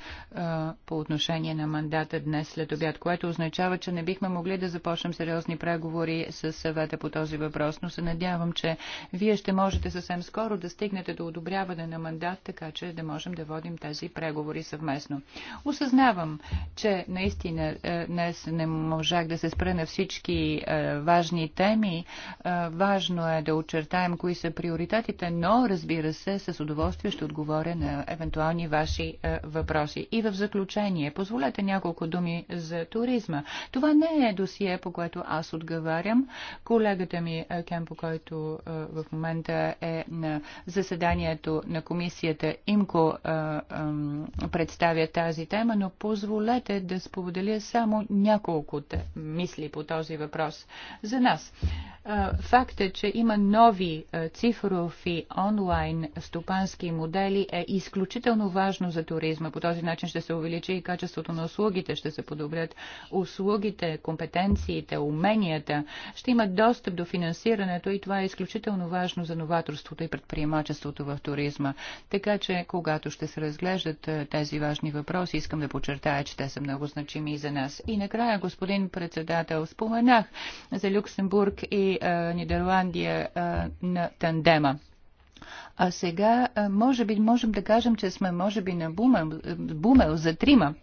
Speaker 4: по отношение на мандата днес след обяд, което означава, че не бихме могли да започнем сериозни преговори с съвета по този въпрос, но се надявам, че вие ще можете съвсем скоро да стигнете до одобряване на мандат, така че да можем да водим тези преговори съвместно. Осъзнавам, че наистина е, днес не можах да се спра на всички е, важни теми. Е, важно е да очертаем кои са приоритетите, но разбира се, с удоволствие ще отговоря на евентуални ваши въпроси. И в заключение, позволете няколко думи за туризма. Това не е досие, по което аз отговарям. Колегата ми е, Кемпо, който е, в момента е на заседанието на комисията ИМКО, е, представя тази тема, но позволете да споделя само няколко мисли по този въпрос за нас е, че има нови цифрови онлайн стопански модели е изключително важно за туризма. По този начин ще се увеличи и качеството на услугите, ще се подобрят услугите, компетенциите, уменията, ще имат достъп до финансирането и това е изключително важно за новаторството и предприемачеството в туризма. Така че, когато ще се разглеждат тези важни въпроси, искам да подчертая, че те са много значими и за нас. И накрая, господин председател, споменах за Люксембург и Нидерландия на тандема. А сега, може би, можем да кажем, че сме, може би, на бумел, бумел за трима.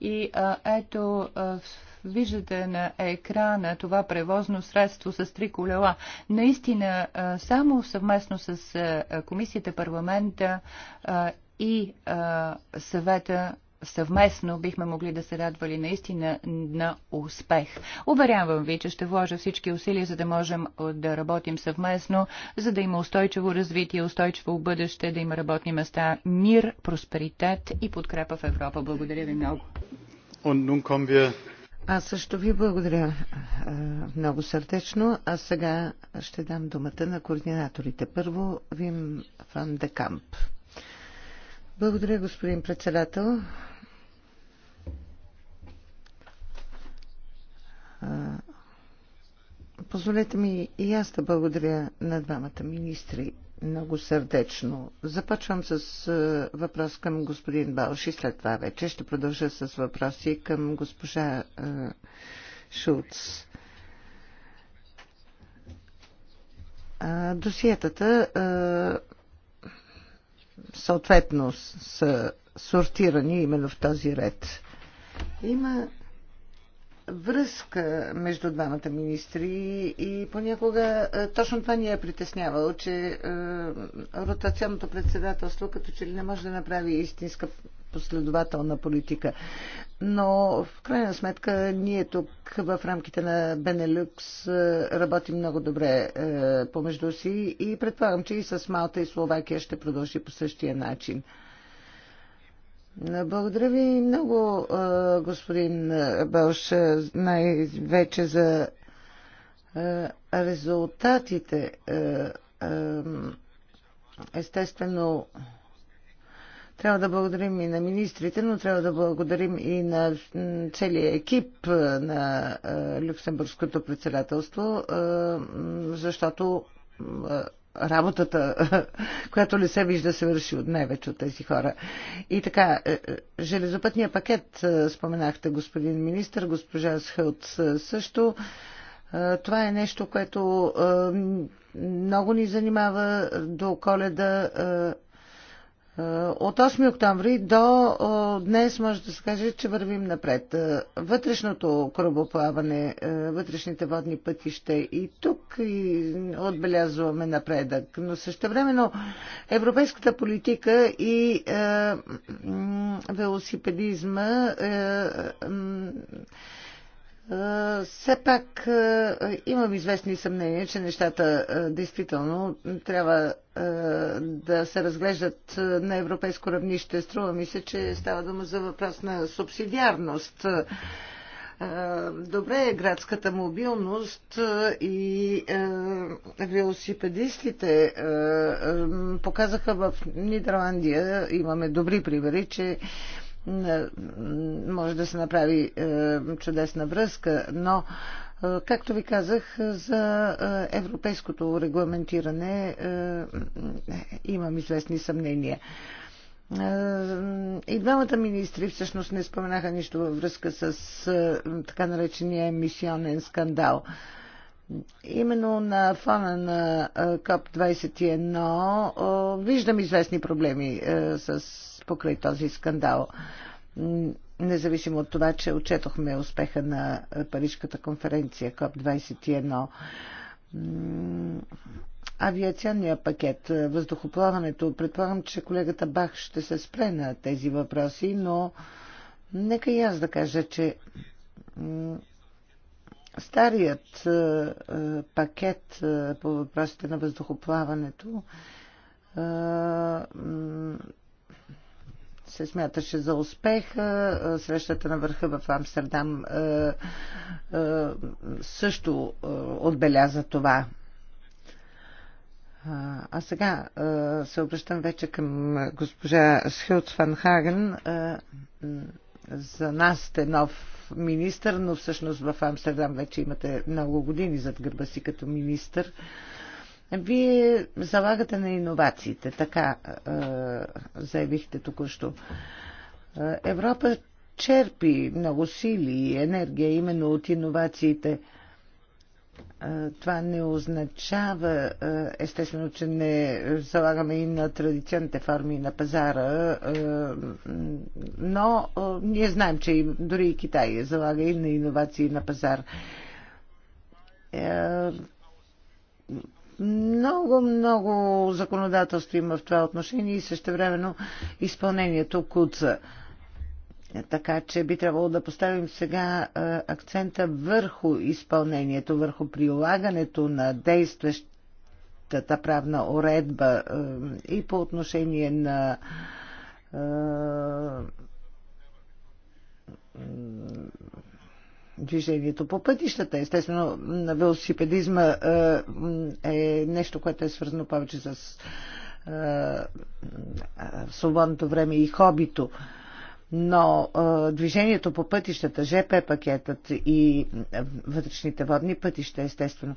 Speaker 4: И а, ето, а, виждате на екрана това превозно средство с три колела. Наистина, а, само съвместно с а, Комисията, парламента а, и а, съвета съвместно бихме могли да се радвали наистина на успех. Уверявам ви, че ще вложа всички усилия, за да можем да работим съвместно, за да има устойчиво развитие, устойчиво бъдеще, да има работни места, мир, просперитет и подкрепа в Европа. Благодаря ви много. Аз също ви
Speaker 1: благодаря много сърдечно. А сега ще дам думата на координаторите. Първо Вим Фан Декамп. Благодаря, господин председател. Позволете ми и аз да благодаря на двамата министри много сърдечно. Започвам с въпрос към господин Балши, след това вече ще продължа с въпроси към госпожа Шулц. Досиетата съответно са сортирани именно в този ред. Има връзка между двамата министри и понякога е, точно това ни е притеснявало, че е, ротационното председателство като че ли не може да направи истинска последователна политика. Но в крайна сметка ние тук в рамките на Бенелюкс е, работим много добре помежду си и предполагам, че и с Малта и Словакия ще продължи по същия начин. Благодаря ви много, господин Белш, най-вече за резултатите. Естествено, трябва да благодарим и на министрите, но трябва да благодарим и на целия екип на Люксембургското председателство, защото работата, която не се вижда, се върши от най-вече от тези хора. И така, е, е, железопътния пакет, е, споменахте господин министр, госпожа Схълт също. Това е нещо, което много ни занимава до коледа е, от 8 октомври до е, днес може да се каже, че вървим напред. Е, вътрешното корабоплаване, вътрешните водни пътища и тук и отбелязваме напредък. Но времено европейската политика и велосипедизма е все пак имам известни съмнения, че нещата действително трябва да се разглеждат на европейско равнище. Струва ми се, че става дума за въпрос на субсидиарност. Добре е градската мобилност и велосипедистите показаха в Нидерландия, имаме добри примери, че може да се направи е, чудесна връзка, но е, Както ви казах, за е, европейското регламентиране имам известни съмнения. И двамата министри всъщност не споменаха нищо във връзка с така наречения емисионен скандал. Именно на фона на КОП-21 виждам известни проблеми с покрай този скандал. Независимо от това, че отчетохме успеха на Парижката конференция КОП-21, авиационния пакет, въздухоплаването, предполагам, че колегата Бах ще се спре на тези въпроси, но нека и аз да кажа, че старият е, е, пакет е, по въпросите на въздухоплаването се смяташе за успех. Е, срещата на върха в Амстердам е, е, също отбеляза това. А сега се обръщам вече към госпожа Схилц Ван Хаген. За нас сте нов министър, но всъщност в Амстердам вече имате много години зад гърба си като министър. Вие залагате на иновациите, така е, заявихте току-що. Е, Европа черпи много сили и енергия именно от иновациите. Е, това не означава, е, естествено, че не залагаме и на традиционните форми на пазара, но ние знаем, че дори и Китай залага и на иновации на пазар много, много законодателство има в това отношение и същевременно изпълнението куца. Така че би трябвало да поставим сега акцента върху изпълнението, върху прилагането на действащата правна уредба и по отношение на движението по пътищата. Естествено, велосипедизма е, е нещо, което е свързано повече с е, е, свободното време и хобито. Но движението по пътищата, ЖП пакетът и вътрешните водни пътища, естествено,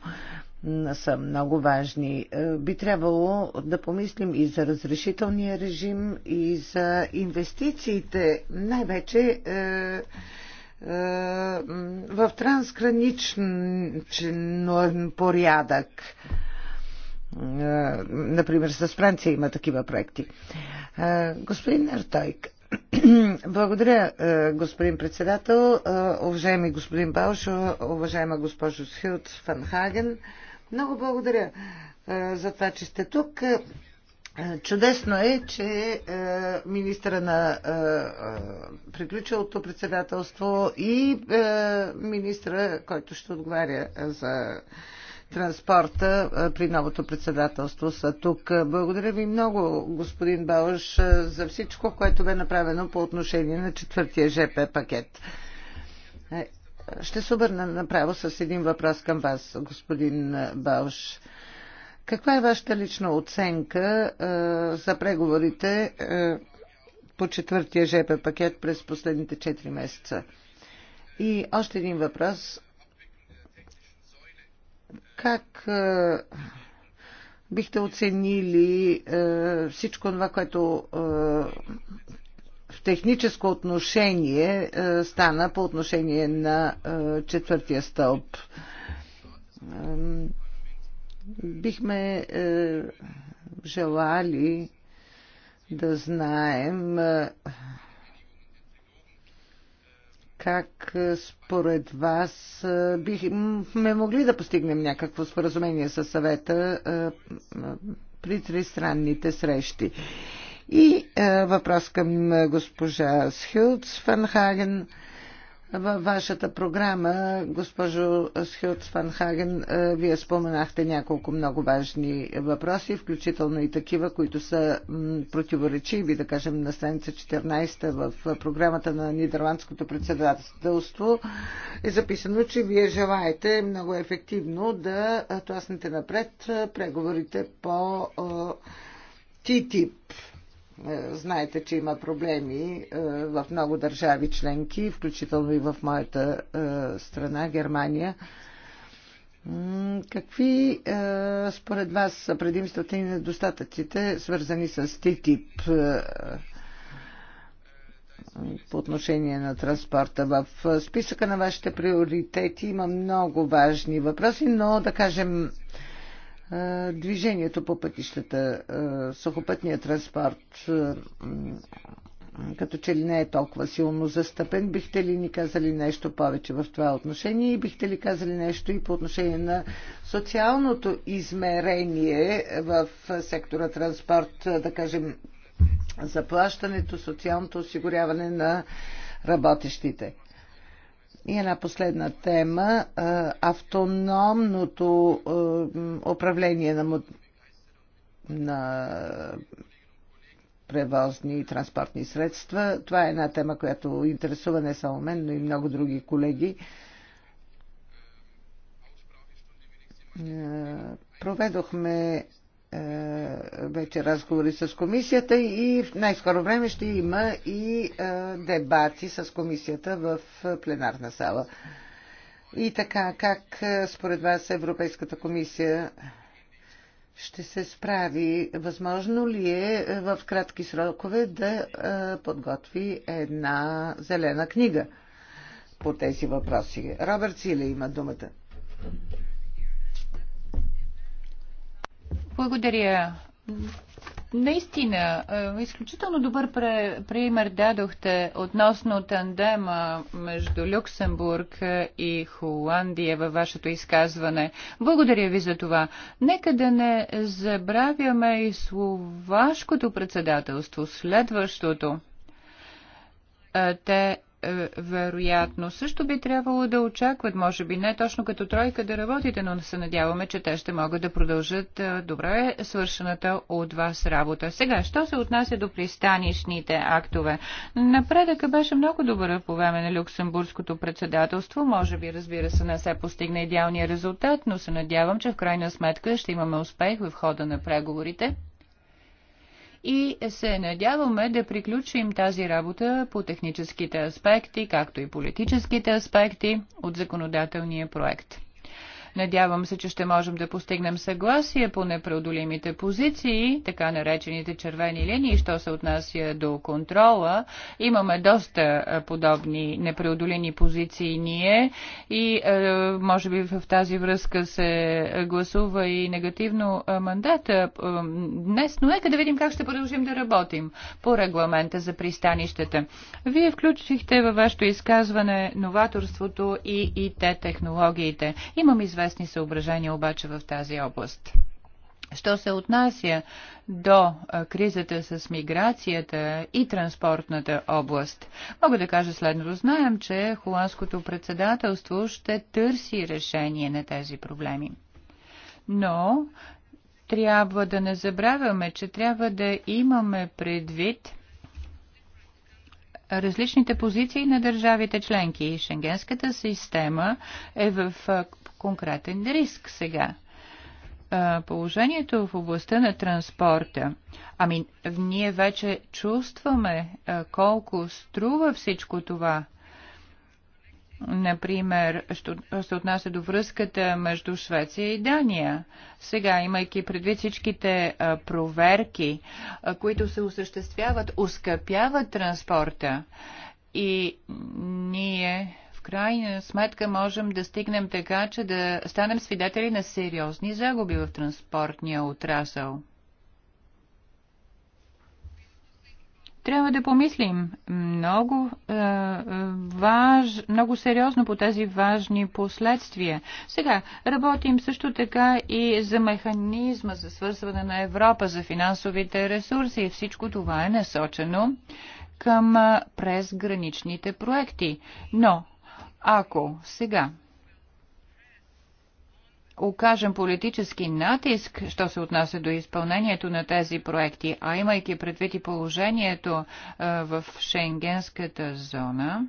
Speaker 1: са много важни. Би трябвало да помислим и за разрешителния режим, и за инвестициите. Най-вече. Е, е, в трансграничен порядък. Е, например, с Франция има такива проекти. Е, господин Артойк, благодаря, господин председател, уважаеми господин Балшо, уважаема госпожо Схилт Фанхаген. Много благодаря за това, че сте тук. Е, чудесно е, че е, министра на е, е, приключилото председателство и е, министра, който ще отговаря за транспорта е, при новото председателство са тук. Благодаря ви много, господин Бауш, за всичко, което бе направено по отношение на четвъртия ЖП пакет. Ще се обърна направо с един въпрос към вас, господин Бауш. Каква е вашата лична оценка а, е, за преговорите а, е, по четвъртия ЖП пакет през последните 4 месеца? И още един въпрос. Как а, е, бихте оценили а, всичко това, което а, в техническо отношение а, стана по отношение на а, четвъртия стълб? А, Бихме е, желали да знаем е, как е, според вас е, бихме могли да постигнем някакво споразумение със съвета е, при тристранните срещи. И е, въпрос към госпожа Схилц Фанхаген. Във вашата програма, госпожо Схилц Ван е, вие споменахте няколко много важни въпроси, включително и такива, които са противоречиви, да кажем, на страница 14 в програмата на Нидерландското председателство е записано, че вие желаете много ефективно да тласнете напред е, преговорите по е, ТТИП. Е, знаете, че има проблеми е, в много държави членки, включително и в моята е, страна, Германия. Какви според вас са предимствата и недостатъците, свързани с ТИТИП по отношение на транспорта? В списъка на вашите приоритети има много важни въпроси, но да кажем движението по пътищата, сухопътния транспорт като че ли не е толкова силно застъпен. Бихте ли ни казали нещо повече в това отношение и бихте ли казали нещо и по отношение на социалното измерение в сектора транспорт, да кажем, заплащането, социалното осигуряване на работещите? И една последна тема автономното управление на, на превозни и транспортни средства. Това е една тема, която интересува не само мен, но и много други колеги. Проведохме вече разговори с комисията и в най-скоро време ще има и дебати с комисията в пленарна сала. И така, как според вас Европейската комисия ще се справи? Възможно ли е в кратки срокове да подготви една зелена книга по тези въпроси? Робърт Силе има думата.
Speaker 4: Благодаря, Наистина, е, изключително добър пример дадохте относно тандема между Люксембург и Холандия във вашето изказване. Благодаря ви за това. Нека да не забравяме и словашкото председателство, следващото. Е, те е, вероятно също би трябвало да очакват, може би не точно като тройка да работите, но се надяваме, че те ще могат да продължат е, добре свършената от вас работа. Сега, що се отнася до пристанишните актове? Напредъка беше много добър по време на Люксембургското председателство. Може би, разбира се, не се постигна идеалния резултат, но се надявам, че в крайна сметка ще имаме успех в хода на преговорите и се надяваме да приключим тази работа по техническите аспекти, както и политическите аспекти от законодателния проект. Надявам се, че ще можем да постигнем съгласие по непреодолимите позиции, така наречените червени линии, що се отнася до контрола. Имаме доста е, подобни непреодолени позиции ние и е, може би в тази връзка се гласува и негативно е, мандата днес, но нека да видим как ще продължим да работим по регламента за пристанищата. Вие включихте във вашето изказване новаторството и ИТ технологиите. Имам извън известни съображения обаче в тази област. Що се отнася до кризата с миграцията и транспортната област, мога да кажа следното. Знаем, че холандското председателство ще търси решение на тези проблеми. Но трябва да не забравяме, че трябва да имаме предвид различните позиции на държавите членки. Шенгенската система е в конкретен риск сега положението в областта на транспорта. Ами, ние вече чувстваме колко струва всичко това например, що се отнася до връзката между Швеция и Дания. Сега, имайки предвид всичките проверки, които се осъществяват, ускъпяват транспорта и ние в крайна сметка можем да стигнем така, че да станем свидетели на сериозни загуби в транспортния отрасъл. Трябва да помислим много, е, важ, много сериозно по тези важни последствия. Сега работим също така и за механизма за свързване на Европа, за финансовите ресурси. Всичко това е насочено към презграничните проекти. Но ако сега окажем политически натиск, що се отнася до изпълнението на тези проекти, а имайки предвид и положението е, в Шенгенската зона,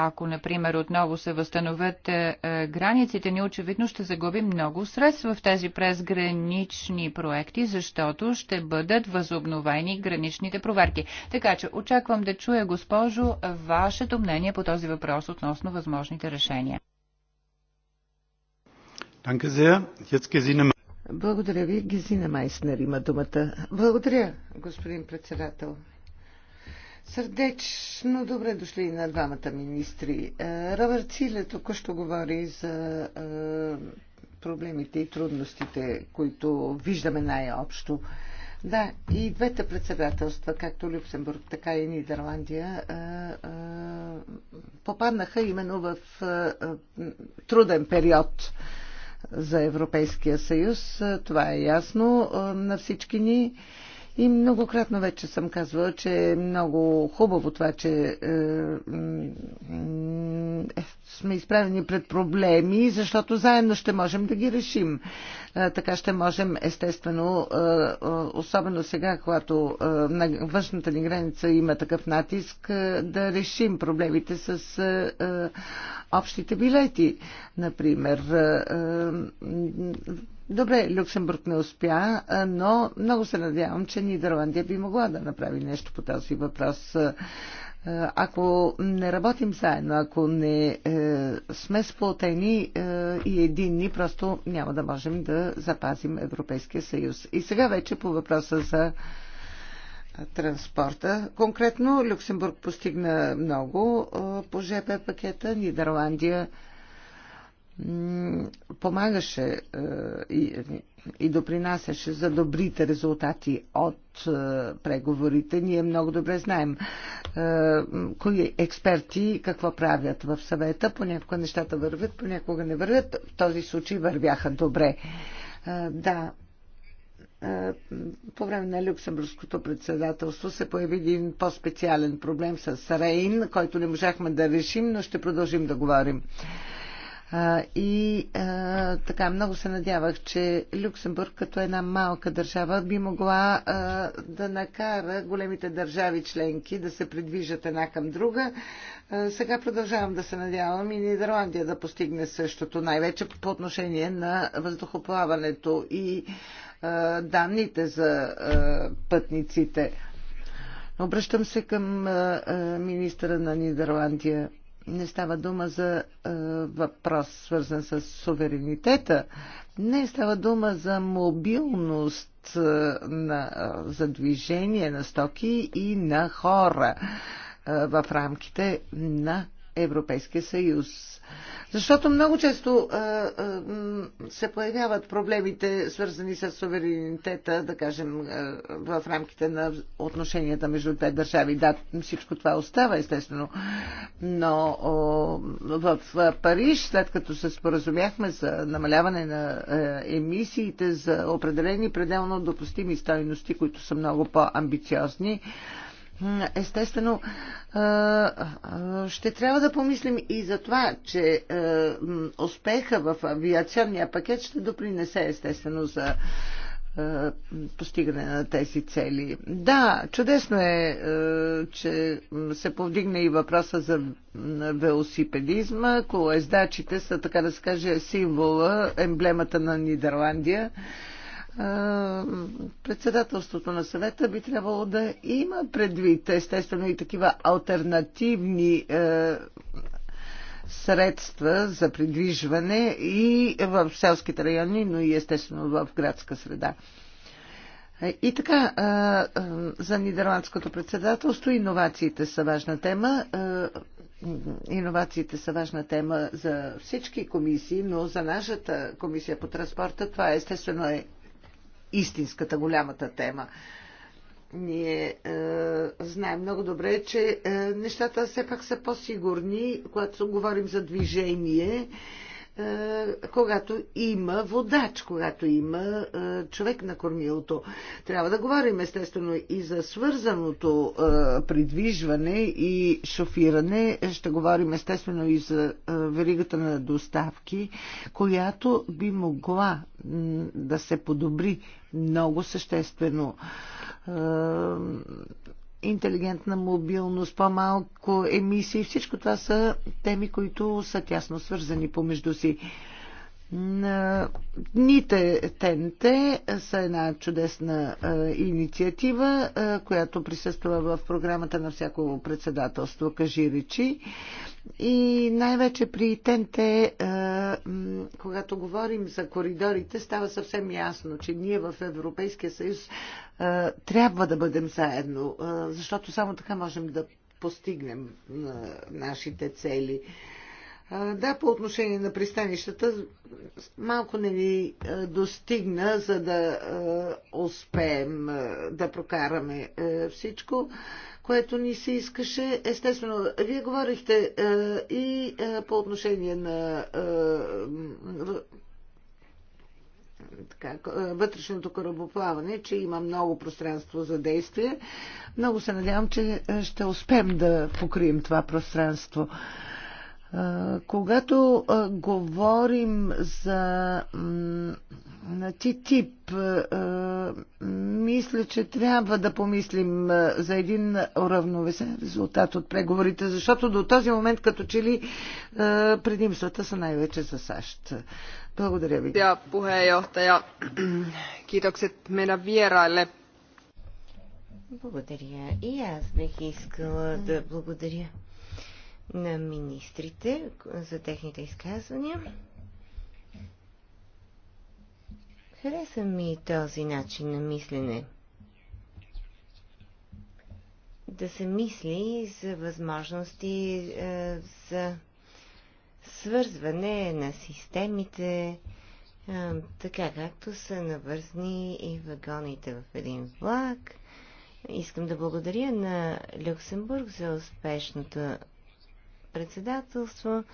Speaker 4: ако, например, отново се възстановят е, е, границите, ни очевидно ще загубим много средства в тези презгранични проекти, защото ще бъдат възобновени граничните проверки. Така че очаквам да чуя, госпожо, вашето мнение по този въпрос относно възможните решения.
Speaker 1: Благодаря ви. Гезина Майснер има думата. Благодаря, господин председател. Сърдечно добре дошли и на двамата министри. Е, Робърт Силе току-що говори за е, проблемите и трудностите, които виждаме най-общо. Да, и двете председателства, както Люксембург, така и Нидерландия, е, попаднаха именно в труден период за Европейския съюз. Това е ясно на всички ни. И многократно вече съм казвала, че е много хубаво това, че е, е, сме изправени пред проблеми, защото заедно ще можем да ги решим. Е, така ще можем, естествено, е, е, особено сега, когато е, на външната ни граница има такъв натиск, е, да решим проблемите с е, е, общите билети, например. Е, е, Добре, Люксембург не успя, но много се надявам, че Нидерландия би могла да направи нещо по този въпрос. Ако не работим заедно, ако не е, сме сплотени е, и единни, просто няма да можем да запазим Европейския съюз. И сега вече по въпроса за транспорта. Конкретно Люксембург постигна много е, по ЖП пакета, Нидерландия помагаше е, и допринасяше за добрите резултати от е, преговорите. Ние много добре знаем е, кои експерти какво правят в съвета. Понякога нещата вървят, понякога не вървят. В този случай вървяха добре. Да, по време на Люксембургското председателство се появи един по-специален проблем с Рейн, който не можахме да решим, но ще продължим да говорим. И така, много се надявах, че Люксембург като една малка държава би могла да накара големите държави членки да се придвижат една към друга. Сега продължавам да се надявам и Нидерландия да постигне същото, най-вече по отношение на въздухоплаването и данните за пътниците. Обръщам се към министра на Нидерландия не става дума за е, въпрос свързан с суверенитета, не става дума за мобилност е, на, е, за движение на стоки и на хора е, в рамките на Европейския съюз. Защото много често се появяват проблемите, свързани с суверенитета, да кажем, в рамките на отношенията между две държави. Да, всичко това остава, естествено. Но в Париж, след като се споразумяхме за намаляване на емисиите, за определени пределно допустими стойности, които са много по-амбициозни, Естествено, е, ще трябва да помислим и за това, че е, успеха в авиационния пакет ще допринесе естествено за е, постигане на тези цели. Да, чудесно е, че се повдигне и въпроса за велосипедизма. Колоездачите са, така да се каже, символа, емблемата на Нидерландия. Е, председателството на съвета би трябвало да има предвид, естествено, и такива альтернативни е, средства за придвижване и в селските райони, но и естествено в градска среда. И така, е, за Нидерландското председателство иновациите са важна тема. Иновациите са важна тема за всички комисии, но за нашата комисия по транспорта това естествено е истинската, голямата тема. Ние е, знаем много добре, че е, нещата все пак са по-сигурни, когато говорим за движение, е, когато има водач, когато има е, човек на кормилото. Трябва да говорим естествено и за свързаното е, придвижване и шофиране. Ще говорим естествено и за е, веригата на доставки, която би могла да се подобри много съществено. Е, интелигентна мобилност, по-малко емисии, всичко това са теми, които са тясно свързани помежду си. Дните ТНТ са една чудесна инициатива, която присъства в програмата на всяко председателство, кажи речи. И най-вече при ТНТ, когато говорим за коридорите, става съвсем ясно, че ние в Европейския съюз трябва да бъдем заедно, защото само така можем да постигнем нашите цели. Да, по отношение на пристанищата малко не ни достигна, за да успеем да прокараме всичко, което ни се искаше. Естествено, вие говорихте и по отношение на така, вътрешното корабоплаване, че има много пространство за действие. Много се надявам, че ще успеем да покрием това пространство. Когато говорим за ТИТИП, мисля, че трябва да помислим за един уравновесен резултат от преговорите, защото до този момент като че ли предимствата са най-вече за САЩ. Благодаря ви.
Speaker 4: Ja puheenjohtaja,
Speaker 6: kiitokset meidän vieraille. Благодаря. И аз бих искала да благодаря на министрите за техните изказвания. Хареса ми този начин на мислене. Да се мисли за възможности е, за свързване на системите, е, така както са навързни и вагоните в един влак. Искам да благодаря на Люксембург за успешното председателство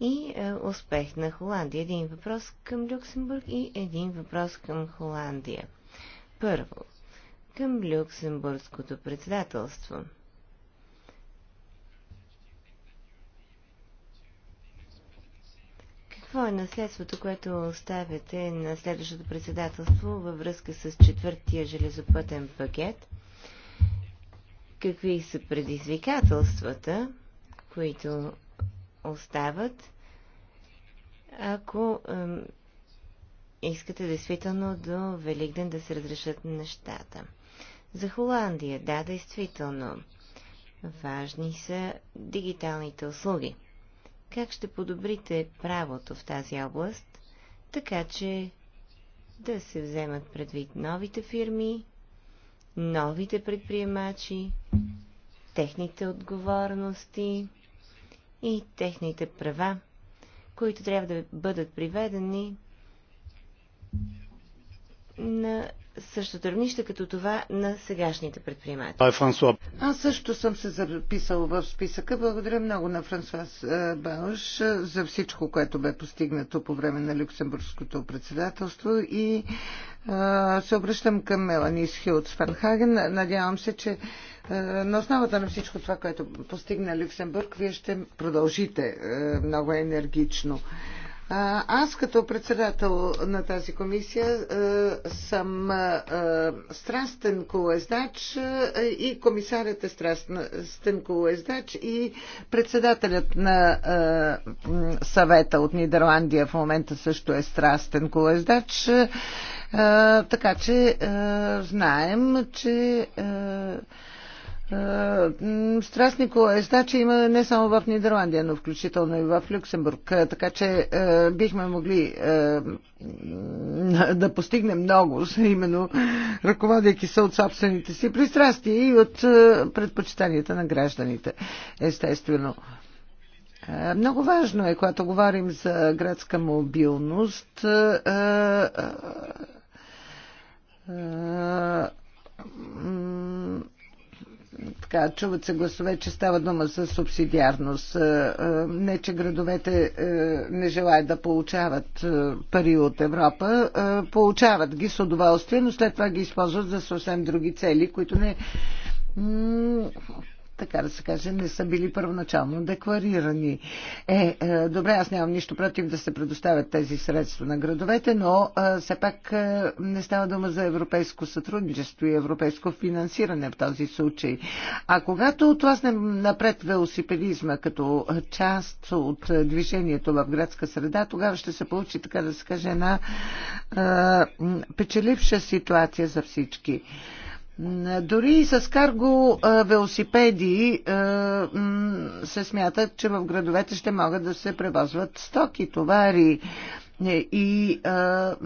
Speaker 6: и е, успех на Холандия. Един въпрос към Люксембург и един въпрос към Холандия. Първо, към Люксембургското председателство. Какво е наследството, което оставяте на следващото председателство във връзка с четвъртия железопътен пакет? Какви са предизвикателствата? които остават. Ако ем, искате действително до Великден да се разрешат нещата. За Холандия, да, действително. Важни са дигиталните услуги. Как ще подобрите правото в тази област, така че да се вземат предвид новите фирми, новите предприемачи, техните отговорности, и техните права, които трябва да бъдат приведени
Speaker 1: на същото равнище като това на сегашните предприематели. Е, Аз също съм се записал в списъка. Благодаря много на Франсуас е, Бауш е, за всичко, което бе постигнато по време на Люксембургското председателство и а, се обръщам към Меланис Хилт Фанхаген. Надявам се, че е, на основата на всичко това, което постигна Люксембург, вие ще продължите е, много енергично. Аз като председател на тази комисия е, съм страстен колоездач и комисарят е страстен колоездач и председателят на съвета от Нидерландия в момента също е страстен колоездач. Така че знаем, че Страстнико е значи има не само в Нидерландия, но включително и в Люксембург. Е, така че е, бихме могли е, да постигнем много, именно ръководяки се от собствените си пристрастия и от е, предпочитанията на гражданите, естествено. Е, много важно е, когато говорим за градска мобилност, е, така, чуват се гласове, че става дума за субсидиарност. Е, е, не, че градовете е, не желаят да получават пари от Европа. Получават ги с удоволствие, но след това ги използват за съвсем други цели, които не така да се каже, не са били първоначално декларирани. Е, е добре, аз нямам нищо против да се предоставят тези средства на градовете, но е, все пак е, не става дума за европейско сътрудничество и европейско финансиране в този случай. А когато отласнем напред велосипедизма като част от движението в градска среда, тогава ще се получи, така да се каже, една е, печеливша ситуация за всички. Дори и с карго велосипеди се смятат, че в градовете ще могат да се превозват стоки, товари. Е, и а,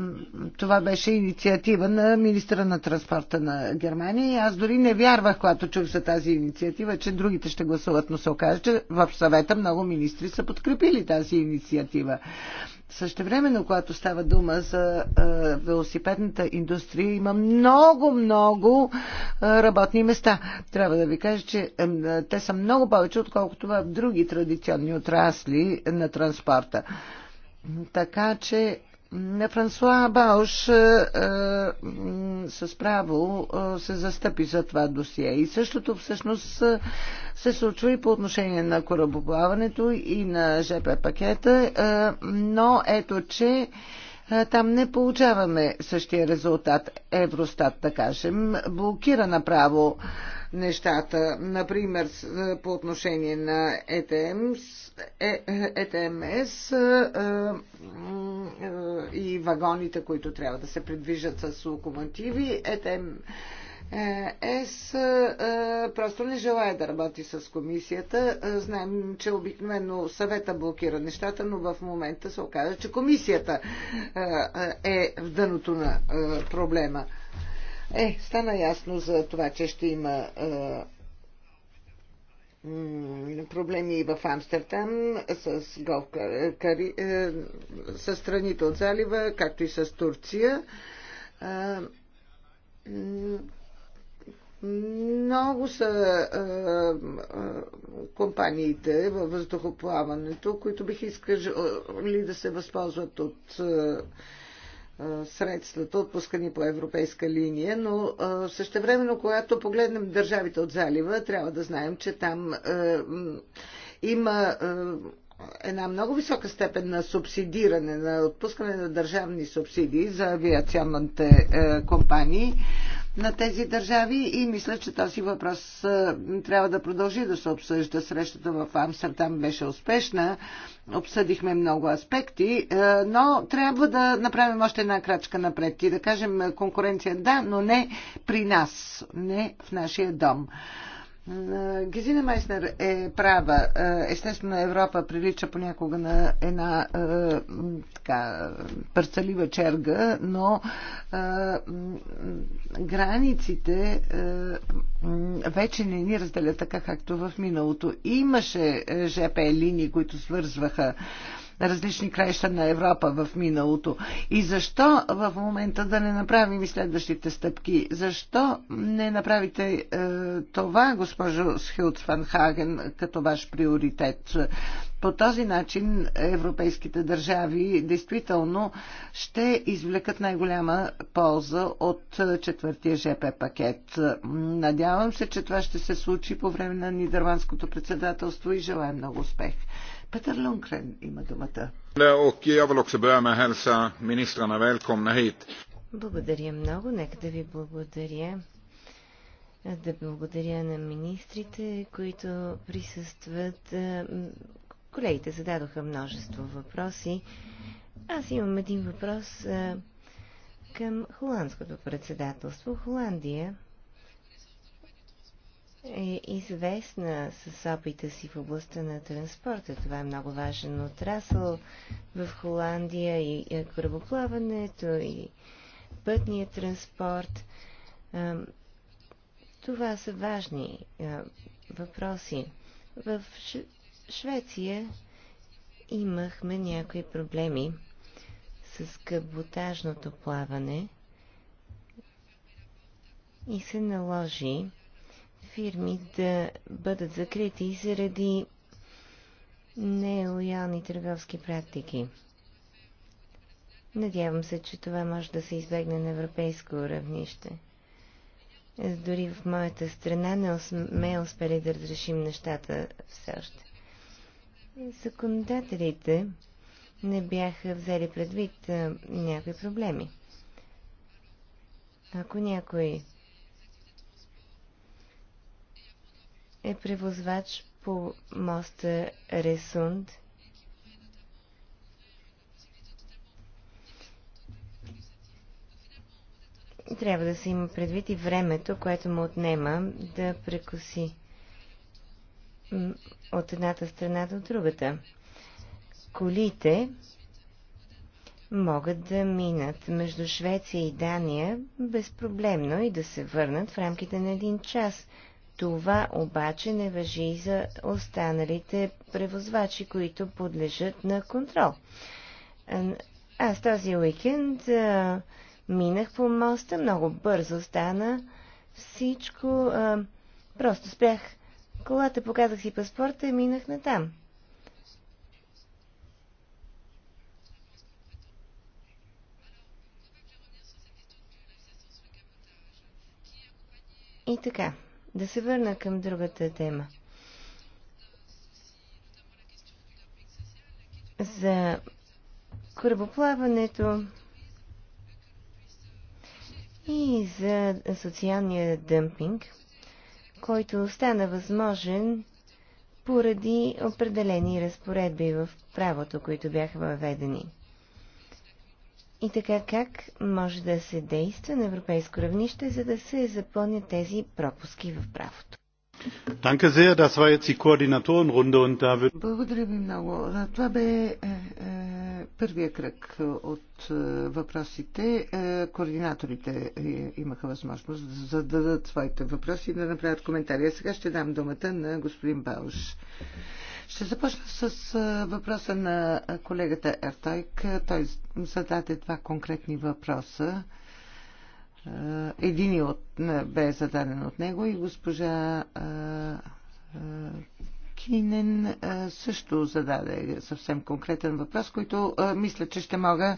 Speaker 1: това беше инициатива на министра на транспорта на Германия. И аз дори не вярвах, когато чух за тази инициатива, че другите ще гласуват, но се оказа, че в съвета много министри са подкрепили тази инициатива. Същевременно, когато става дума за а, велосипедната индустрия, има много, много а, работни места. Трябва да ви кажа, че а, те са много повече, отколкото в други традиционни отрасли на транспорта. Така че на Франсуа Бауш е, е, с право е, се застъпи за това досие. И същото всъщност е, се случва и по отношение на корабоплаването и на ЖП пакета, е, но ето, че е, там не получаваме същия резултат. Евростат, да кажем, блокира направо нещата. Например, е, по отношение на ЕТМС, е, ЕТМС е, е, и вагоните, които трябва да се придвижат с локомотиви. ЕТМС ЕС просто не желая да работи с комисията. Знаем, че обикновено съвета блокира нещата, но в момента се оказа, че комисията е в дъното на проблема. Е, стана ясно за това, че ще има проблеми и в Амстердам с, голф, кари, е, с страните от залива, както и с Турция. Много са компаниите във въздухоплаването, които бих искали да се възползват от средствата, отпускани по европейска линия, но същевременно, когато погледнем държавите от залива, трябва да знаем, че там има една много висока степен на субсидиране, на отпускане на държавни субсидии за авиационните компании на тези държави и мисля, че този въпрос трябва да продължи да се обсъжда. Срещата в Амстердам беше успешна, обсъдихме много аспекти, но трябва да направим още една крачка напред и да кажем конкуренция да, но не при нас, не в нашия дом. Гезина Майснер е права. Естествено, Европа прилича понякога на една така, парцалива черга, но границите вече не ни разделят така, както в миналото. Имаше ЖП линии, които свързваха на различни краища на Европа в миналото. И защо в момента да не направим и следващите стъпки? Защо не направите е, това, госпожо Схилт Ван Хаген, като ваш приоритет? По този начин европейските държави действително ще извлекат най-голяма полза от е, четвъртия ЖП пакет. Надявам се, че това ще се случи по време на нидерландското председателство и желая много успех. Петър Лункрен има думата. Благодаря
Speaker 6: много. Нека да ви благодаря. Да благодаря на министрите, които присъстват. Колегите зададоха множество въпроси. Аз имам един въпрос към холандското председателство. Холандия е известна с опита си в областта на транспорта. Това е много важен отрасъл в Холандия и е, корабоплаването, и пътния транспорт. Това са важни въпроси. В Швеция имахме някои проблеми с каботажното плаване и се наложи фирми да бъдат закрити заради нелоялни търговски практики. Надявам се, че това може да се избегне на европейско равнище. Дори в моята страна не сме е успели да разрешим нещата все още. Законодателите не бяха взели предвид някои проблеми. Ако някой е превозвач по моста Ресунд. Трябва да се има предвид и времето, което му отнема да прекоси от едната страна до другата. Колите могат да минат между Швеция и Дания безпроблемно и да се върнат в рамките на един час това обаче не въжи за останалите превозвачи, които подлежат на контрол. Аз този уикенд а, минах по моста, много бързо стана всичко. А, просто спрях колата, показах си паспорта и минах натам. И така. Да се върна към другата тема. За корабоплаването и за социалния дъмпинг, който стана възможен поради определени разпоредби в правото, които бяха въведени. И така как може да се действа на европейско равнище, за да се запълнят тези пропуски в правото?
Speaker 1: Благодаря ви много. Това бе е, е, първия кръг от е, въпросите. Е, координаторите е, имаха възможност да зададат своите въпроси и да направят коментари. А сега ще дам думата на господин Бауш. Ще започна с въпроса на колегата Ертойк. Той зададе два конкретни въпроса. Един от, бе зададен от него и госпожа Кинен също зададе съвсем конкретен въпрос, който мисля, че ще мога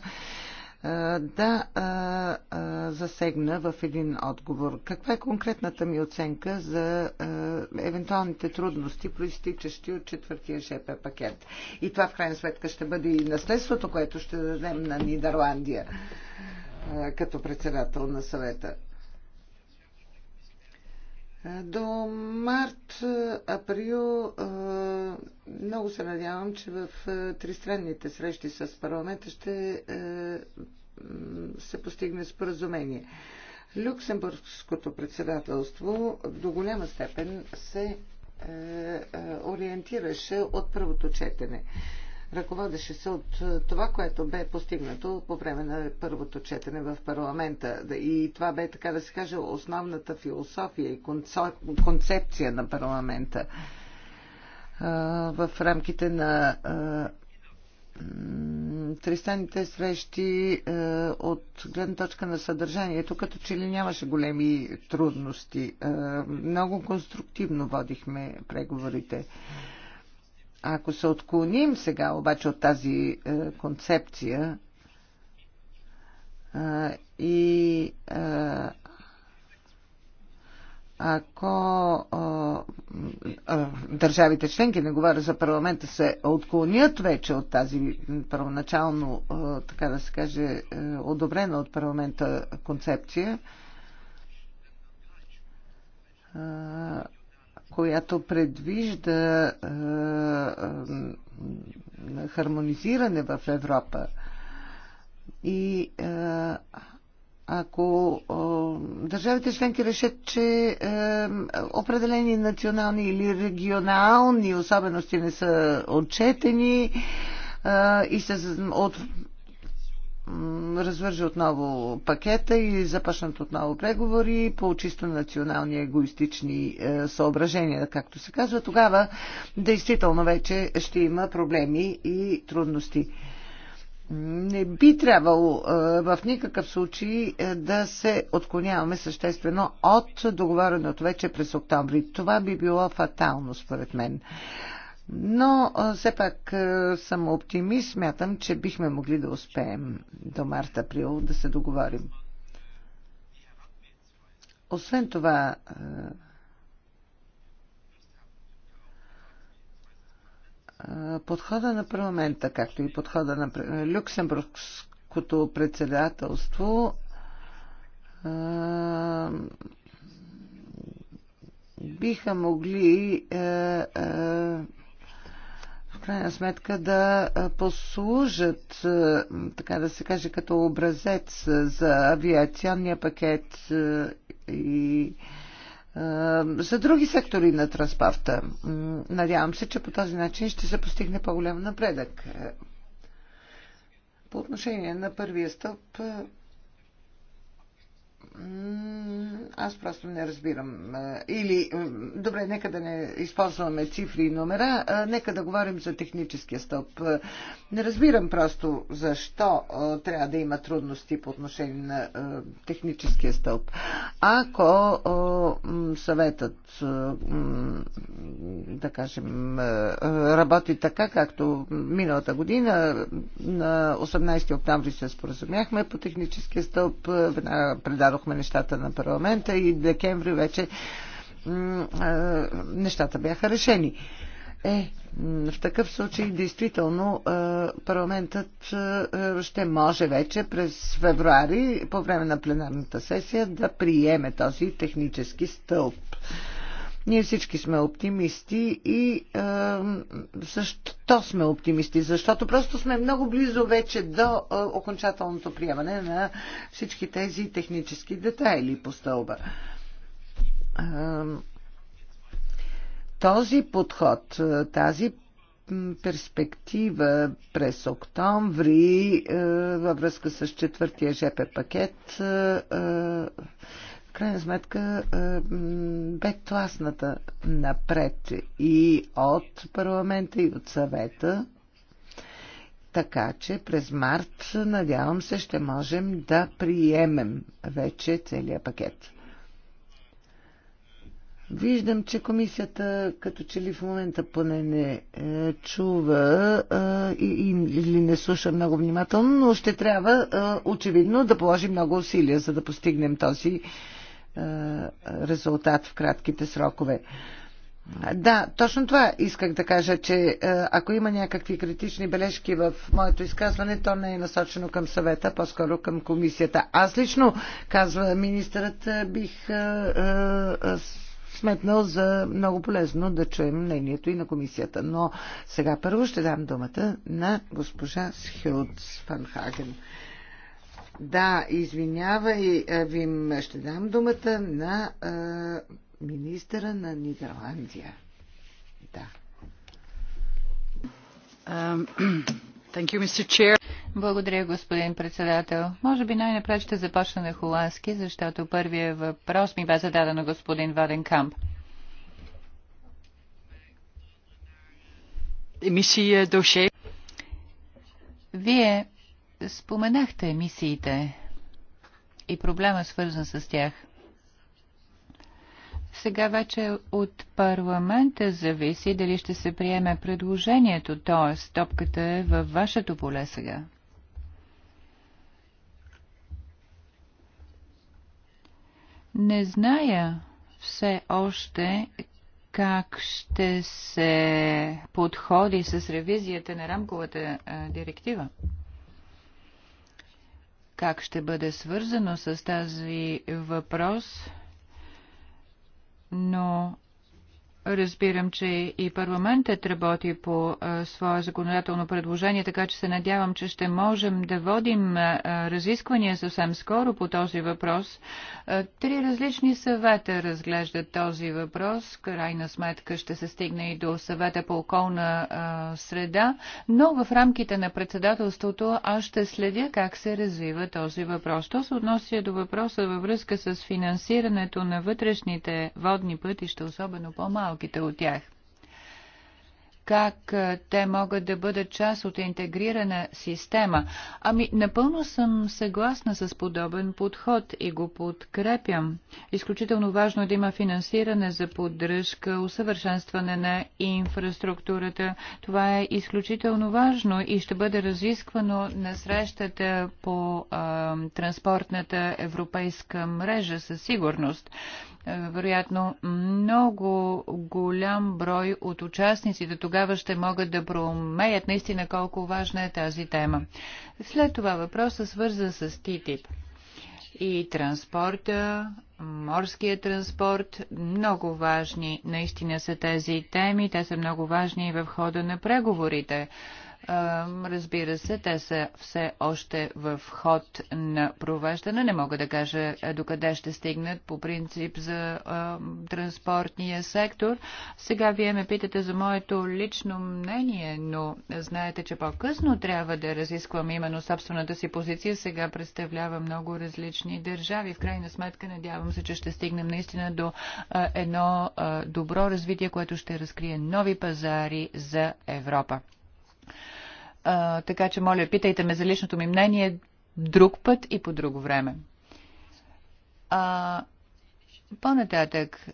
Speaker 1: да засегна в един отговор. Каква е конкретната ми оценка за евентуалните трудности, проистичащи от четвъртия ЖП пакет? И това в крайна сметка ще бъде и наследството, което ще дадем на Нидерландия като председател на съвета. До март-април много се надявам, че в тристранните срещи с парламента ще се постигне споразумение. Люксембургското председателство до голяма степен се ориентираше от първото четене ръководеше се от е, това, което бе постигнато по време на първото четене в парламента. И това бе, така да се каже, основната философия и концепция на парламента е, в рамките на е, тристанните срещи от гледна точка на съдържанието, като че ли нямаше големи трудности. Много конструктивно водихме преговорите. Ако се отклоним сега обаче от тази е, концепция е, и е, ако е, е, държавите членки, не говоря за парламента, се отклонят вече от тази първоначално, е, така да се каже, е, одобрена от парламента концепция, е, която предвижда е, е, хармонизиране в Европа. И е, ако държавите членки решат, че определени национални или регионални особености не са отчетени и се от, развържа отново пакета и започнат отново преговори по чисто национални егоистични е, съображения, както се казва, тогава действително вече ще има проблеми и трудности. Не би трябвало е, в никакъв случай е, да се отклоняваме съществено от договореното вече през октомври. Това би било фатално, според мен. Но все пак съм оптимист. Смятам, че бихме могли да успеем до март-април да се договорим. Освен това, подхода на парламента, както и подхода на люксембургското председателство, биха могли крайна сметка да послужат, така да се каже, като образец за авиационния пакет и за други сектори на транспорта. Надявам се, че по този начин ще се постигне по-голям напредък. По отношение на първия стълб, аз просто не разбирам. Или, добре, нека да не използваме цифри и номера, нека да говорим за техническия стоп. Не разбирам просто защо трябва да има трудности по отношение на техническия стоп, Ако съветът, да кажем, работи така, както миналата година, на 18 октомври се споразумяхме по техническия стоп веднага предадох дадохме нещата на парламента и декември вече нещата бяха решени. Е, в такъв случай, действително, парламентът ще може вече през февруари, по време на пленарната сесия, да приеме този технически стълб. Ние всички сме оптимисти и е, защо сме оптимисти? Защото просто сме много близо вече до е, окончателното приемане на всички тези технически детайли по стълба. Е, този подход, тази перспектива през октомври във връзка с четвъртия ЖП пакет крайна сметка е, бе тласната напред и от парламента, и от съвета. Така че през март, надявам се, ще можем да приемем вече целият пакет. Виждам, че комисията като че ли в момента поне не е, чува е, и, или не слуша много внимателно, но ще трябва е, очевидно да положи много усилия, за да постигнем този е, резултат в кратките срокове. Да, точно това исках да кажа, че е, ако има някакви критични бележки в моето изказване, то не е насочено към съвета, по-скоро към комисията. Аз лично, казва министърът, е, бих сметнал за много полезно да чуем мнението и на комисията. Но сега първо ще дам думата на госпожа Схилдс Фанхаген. Хаген. Да, извинявай, Вим, ще дам думата на а, министра на Нидерландия. Да.
Speaker 4: Thank You, Mr. Chair. Благодаря, господин председател. Може би най-напред ще започна на холандски, защото първият въпрос ми бе зададен на господин Ваденкамп. Емисия Вие Споменахте емисиите и проблема свързан с тях. Сега вече от парламента зависи дали ще се приеме предложението, т.е. топката е във вашето поле сега. Не зная все още как ще се подходи с ревизията на рамковата директива. Как ще бъде свързано с тази въпрос? Но Разбирам, че и парламентът работи по а, свое законодателно предложение, така че се надявам, че ще можем да водим а, разисквания съвсем скоро по този въпрос. А, три различни съвета разглеждат този въпрос. Крайна сметка ще се стигне и до съвета по околна а, среда, но в рамките на председателството аз ще следя как се развива този въпрос. То се относи до въпроса във връзка с финансирането на вътрешните водни пътища, особено по-малки по-малките от тях. Как те могат да бъдат част от интегрирана система? Ами, напълно съм съгласна с подобен подход и го подкрепям. Изключително важно е да има финансиране за поддръжка, усъвършенстване на инфраструктурата. Това е изключително важно и ще бъде разисквано на срещата по а, транспортната европейска мрежа със сигурност вероятно много голям брой от участниците тогава ще могат да проумеят наистина колко важна е тази тема. След това въпроса, свърза с ТИТИП и транспорта, морския транспорт. Много важни наистина са тези теми. Те са много важни и в хода на преговорите. Разбира се, те са все още в ход на провеждане. Не мога да кажа е, докъде ще стигнат по принцип за транспортния сектор. Сега вие ме питате за моето лично мнение, но знаете, че по-късно трябва да разисквам именно собствената си позиция. Сега представлява много различни държави. В крайна сметка надявам се, че ще стигнем наистина до едно добро развитие, което ще разкрие нови пазари за Европа така че моля, питайте ме за личното ми мнение друг път и по друго време. А, по-нататък,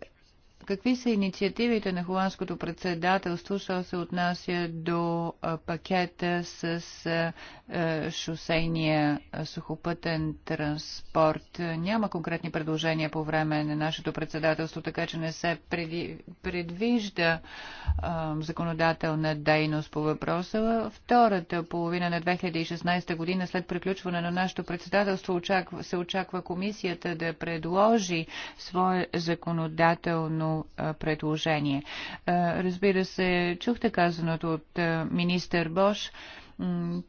Speaker 4: Какви са инициативите на холандското председателство, що се отнася до пакета с шосейния сухопътен транспорт? Няма конкретни предложения по време на нашето председателство, така че не се предвижда законодателна дейност по въпроса. Втората половина на 2016 година, след приключване на нашето председателство, се очаква комисията да предложи свое законодателно предложение. Разбира се, чухте казаното от министър Бош.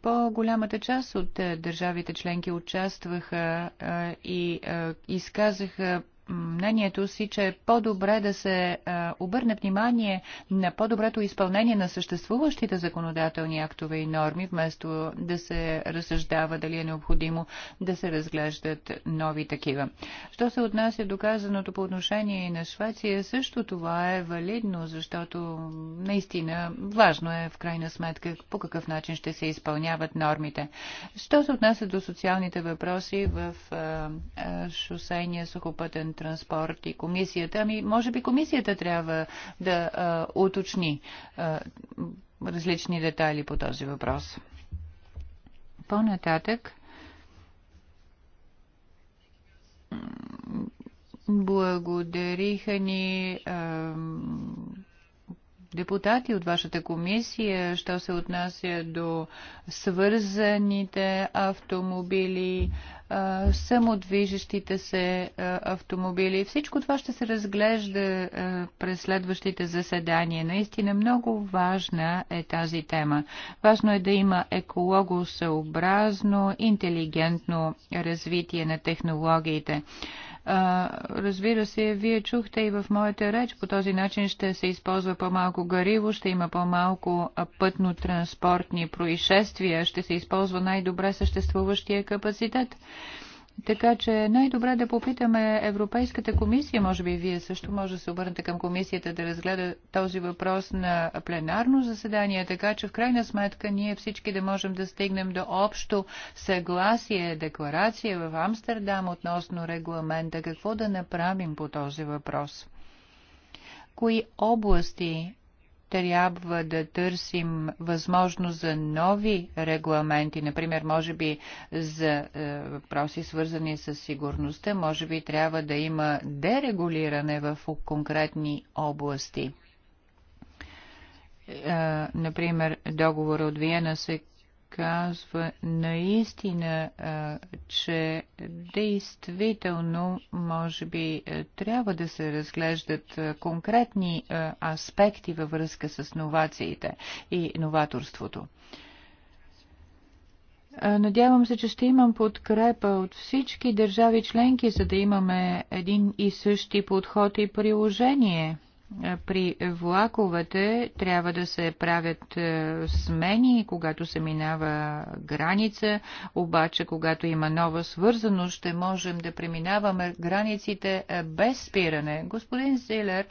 Speaker 4: По-голямата част от държавите членки участваха и изказаха мнението си, че е по-добре да се а, обърне внимание на по-доброто изпълнение на съществуващите законодателни актове и норми, вместо да се разсъждава дали е необходимо да се разглеждат нови такива. Що се отнася до казаното по отношение и на Швеция, също това е валидно, защото наистина важно е в крайна сметка по какъв начин ще се изпълняват нормите. Що се отнася до социалните въпроси в а, а, шосейния сухопътен транспорт и комисията. Ами, може би комисията трябва да а, уточни а, различни детайли по този въпрос. По-нататък. Благодариха ни. А, депутати от вашата комисия, що се отнася до свързаните автомобили, самодвижещите се автомобили. Всичко това ще се разглежда през следващите заседания. Наистина много важна е тази тема. Важно е да има екологосъобразно, интелигентно развитие на технологиите. Разбира се, вие чухте и в моята реч, по този начин ще се използва по-малко гариво, ще има по-малко пътно-транспортни происшествия, ще се използва най-добре съществуващия капацитет. Така че най-добре да попитаме Европейската комисия, може би вие също може да се обърнете към комисията да разгледа този въпрос на пленарно заседание, така че в крайна сметка ние всички да можем да стигнем до общо съгласие, декларация в Амстердам относно регламента. Какво да направим по този въпрос? Кои области трябва да търсим възможност за нови регламенти, например, може би за е, въпроси свързани с сигурността, може би трябва да има дерегулиране в конкретни области. Е, например, договора от Виена се Казва наистина, че действително, може би, трябва да се разглеждат конкретни аспекти във връзка с новациите и новаторството. Надявам се, че ще имам подкрепа от всички държави членки, за да имаме един и същи подход и приложение – при влаковете трябва да се правят е, смени, когато се минава граница, обаче когато има нова свързаност, ще можем да преминаваме границите е, без спиране. Господин Зилер,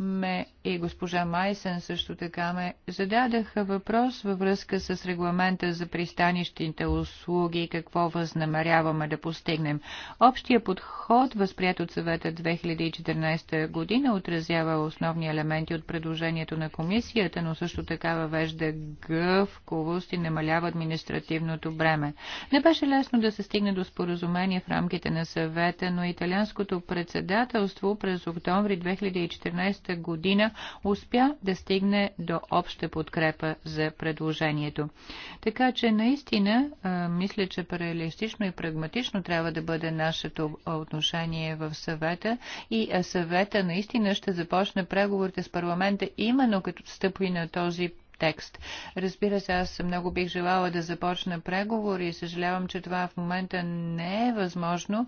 Speaker 4: ме и госпожа Майсен също така ме зададаха въпрос във връзка с регламента за пристанищните услуги и какво възнамеряваме да постигнем. Общия подход, възприят от съвета 2014 година, отразява основни елементи от предложението на комисията, но също така въвежда гъвковост и намалява административното бреме. Не беше лесно да се стигне до споразумение в рамките на съвета, но италианското председателство през октомври 2014 2013 година успя да стигне до обща подкрепа за предложението. Така че наистина мисля, че реалистично и прагматично трябва да бъде нашето отношение в съвета и съвета наистина ще започне преговорите с парламента именно като стъпи на този текст. Разбира се, аз много бих желала да започна преговори и съжалявам, че това в момента не е възможно,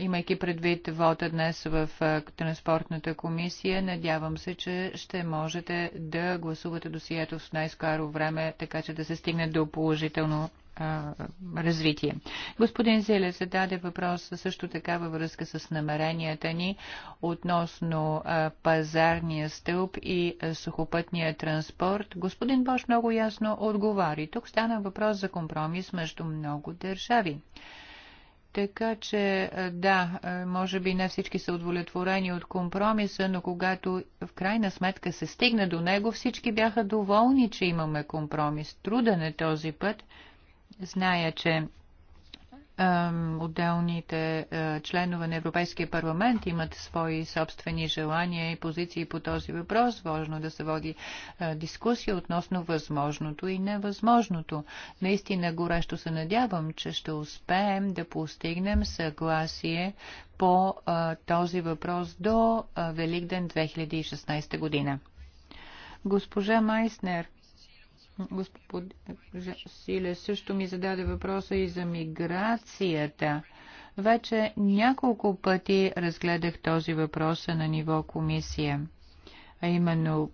Speaker 4: имайки предвид вода днес в Транспортната комисия. Надявам се, че ще можете да гласувате досието в най-скоро време, така че да се стигне до положително развитие. Господин Зеле зададе въпрос също така във връзка с намеренията ни относно пазарния стълб и сухопътния транспорт. Господин Бош много ясно отговори. Тук стана въпрос за компромис между много държави. Така че, да, може би не всички са удовлетворени от компромиса, но когато в крайна сметка се стигна до него, всички бяха доволни, че имаме компромис. Труден е този път, Зная, че отделните е, членове на Европейския парламент имат свои собствени желания и позиции по този въпрос. Важно да се води е, дискусия относно възможното и невъзможното. Наистина горещо се надявам, че ще успеем да постигнем съгласие по е, този въпрос до Великден 2016 година. Госпожа Майснер, Господин Силе също ми зададе въпроса и за миграцията. Вече няколко пъти разгледах този въпрос на ниво комисия а именно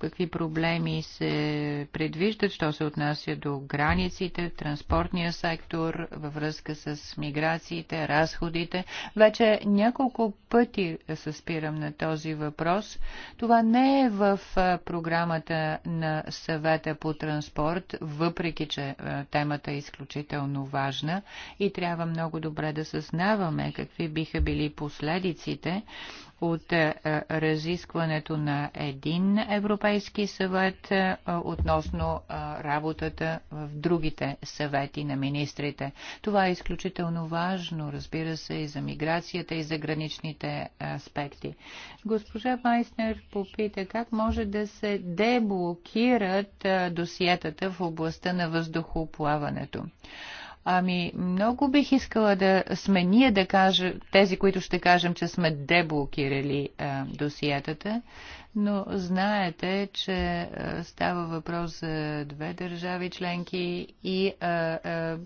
Speaker 4: какви проблеми се предвиждат, що се отнася до границите, транспортния сектор, във връзка с миграциите, разходите. Вече няколко пъти се спирам на този въпрос. Това не е в програмата на съвета по транспорт, въпреки че темата е изключително важна и трябва много добре да съзнаваме какви биха били последиците от е, разискването на един Европейски съвет е, относно е, работата в другите съвети на министрите. Това е изключително важно, разбира се, и за миграцията, и за граничните аспекти. Госпожа Майснер попита как може да се деблокират досиетата в областта на въздухоплаването. Ами, много бих искала да сме ние да кажем, тези, които ще кажем, че сме деблокирали а, е, досиетата, но знаете, че а, е, става въпрос за две държави членки и а, е, а,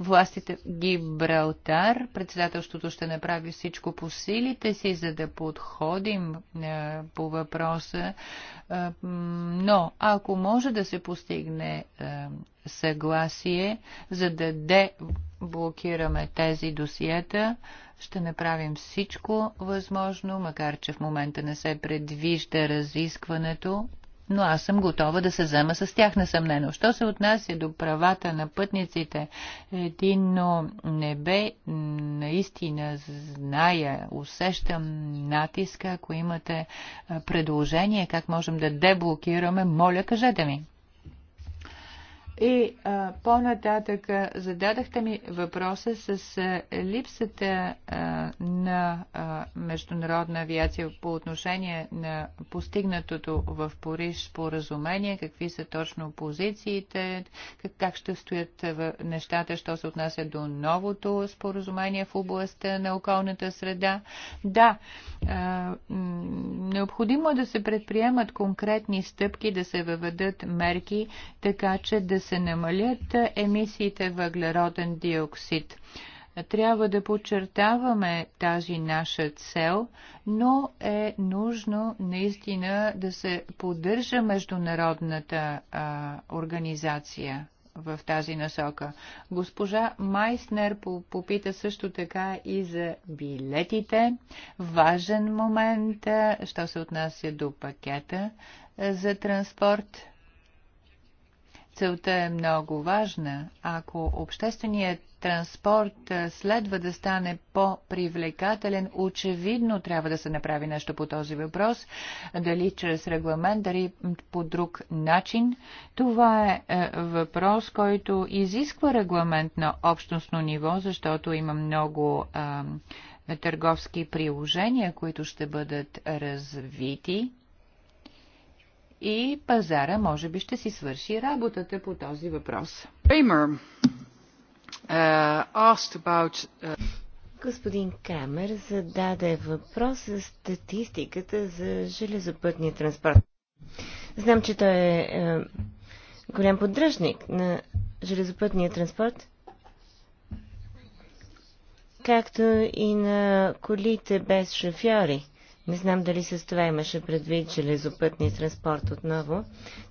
Speaker 4: властите Гибралтар. Председателството ще направи всичко по силите си, за да подходим а, по въпроса. А, но ако може да се постигне А, съгласие, за да деблокираме тези досиета. Ще направим всичко възможно, макар че в момента не се предвижда разискването, но аз съм готова да се взема с тях, несъмнено. Що се отнася до правата на пътниците, единно небе, наистина зная, усещам натиска. Ако имате предложение как можем да деблокираме, моля, кажете ми. И по-нататък зададахте ми въпроса с а, липсата а, на а, международна авиация по отношение на постигнатото в Париж споразумение, какви са точно позициите, как, как ще стоят в нещата, що се отнася до новото споразумение в областта на околната среда. Да, а, необходимо е да се предприемат конкретни стъпки, да се въведат мерки, така че да се намалят емисиите въглероден диоксид. Трябва да подчертаваме тази наша цел, но е нужно наистина да се поддържа международната а, организация в тази насока. Госпожа Майснер попита също така и за билетите. Важен момент, що се отнася до пакета за транспорт. Целта е много важна. Ако общественият транспорт следва да стане по-привлекателен, очевидно трябва да се направи нещо по този въпрос, дали чрез регламент, дали по друг начин. Това е, е въпрос, който изисква регламент на общностно ниво, защото има много а, търговски приложения, които ще бъдат развити и пазара може би ще си свърши работата по този въпрос. Uh,
Speaker 2: uh,
Speaker 4: Господин
Speaker 6: Крамер зададе въпрос за статистиката за железопътния транспорт. Знам, че той е, е голям поддръжник на железопътния транспорт, както и на колите без шофьори. Не знам дали с това имаше предвид железопътния транспорт отново.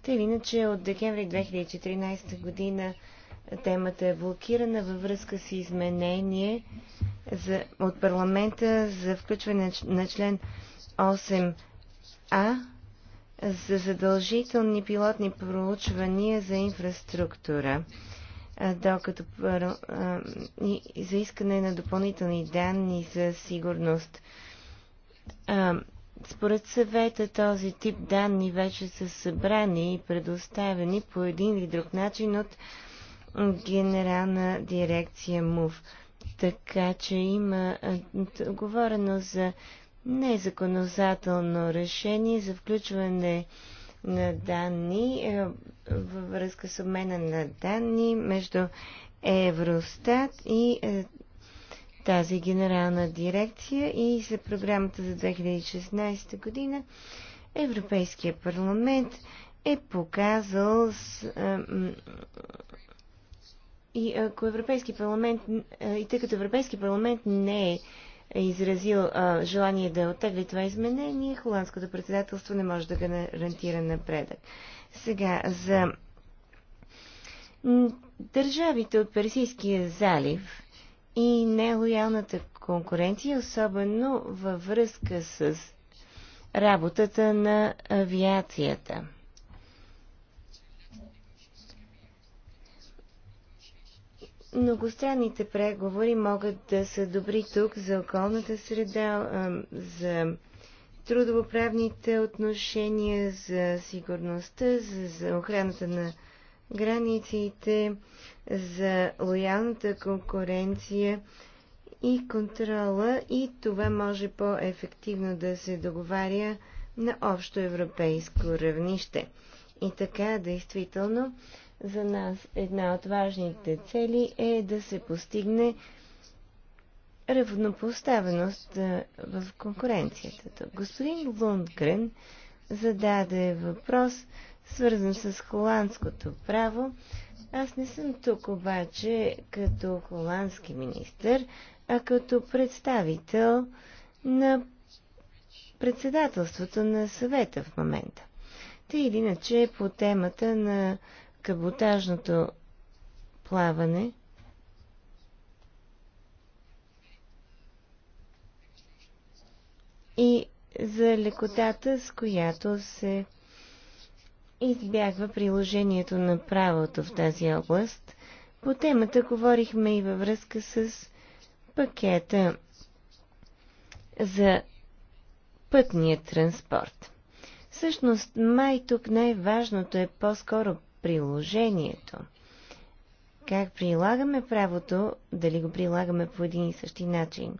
Speaker 6: Та или иначе от декември 2014 година темата е блокирана във връзка с изменение за, от парламента за включване на член 8а за задължителни пилотни проучвания за инфраструктура, докато за искане на допълнителни данни за сигурност а, според съвета този тип данни вече са събрани и предоставени по един или друг начин от генерална дирекция МУВ. Така че има говорено за незаконодателно решение за включване на данни във връзка с обмена на данни между Евростат и тази генерална дирекция и за програмата за 2016 година Европейския парламент е показал с, и ако Европейски парламент и тъй като Европейски парламент не е изразил а, желание да оттегли това изменение, холандското председателство не може да гарантира напредък. Сега, за държавите от Персийския залив и нелоялната конкуренция, особено във връзка с работата на авиацията. Многостранните преговори могат да са добри тук за околната среда, за трудовоправните отношения, за сигурността, за, охраната на границите, за лоялната конкуренция и контрола и това може по-ефективно да се договаря на общо европейско равнище. И така, действително, за нас една от важните цели е да се постигне равнопоставеност в конкуренцията. Господин Лундгрен зададе въпрос свързан с холандското право. Аз не съм тук обаче като холандски министр, а като представител на председателството на съвета в момента. Та или иначе по темата на каботажното плаване и за лекотата, с която се избягва приложението на правото в тази област. По темата говорихме и във връзка с пакета за пътния транспорт. Всъщност, май тук най-важното е по-скоро приложението. Как прилагаме правото, дали го прилагаме по един и същи начин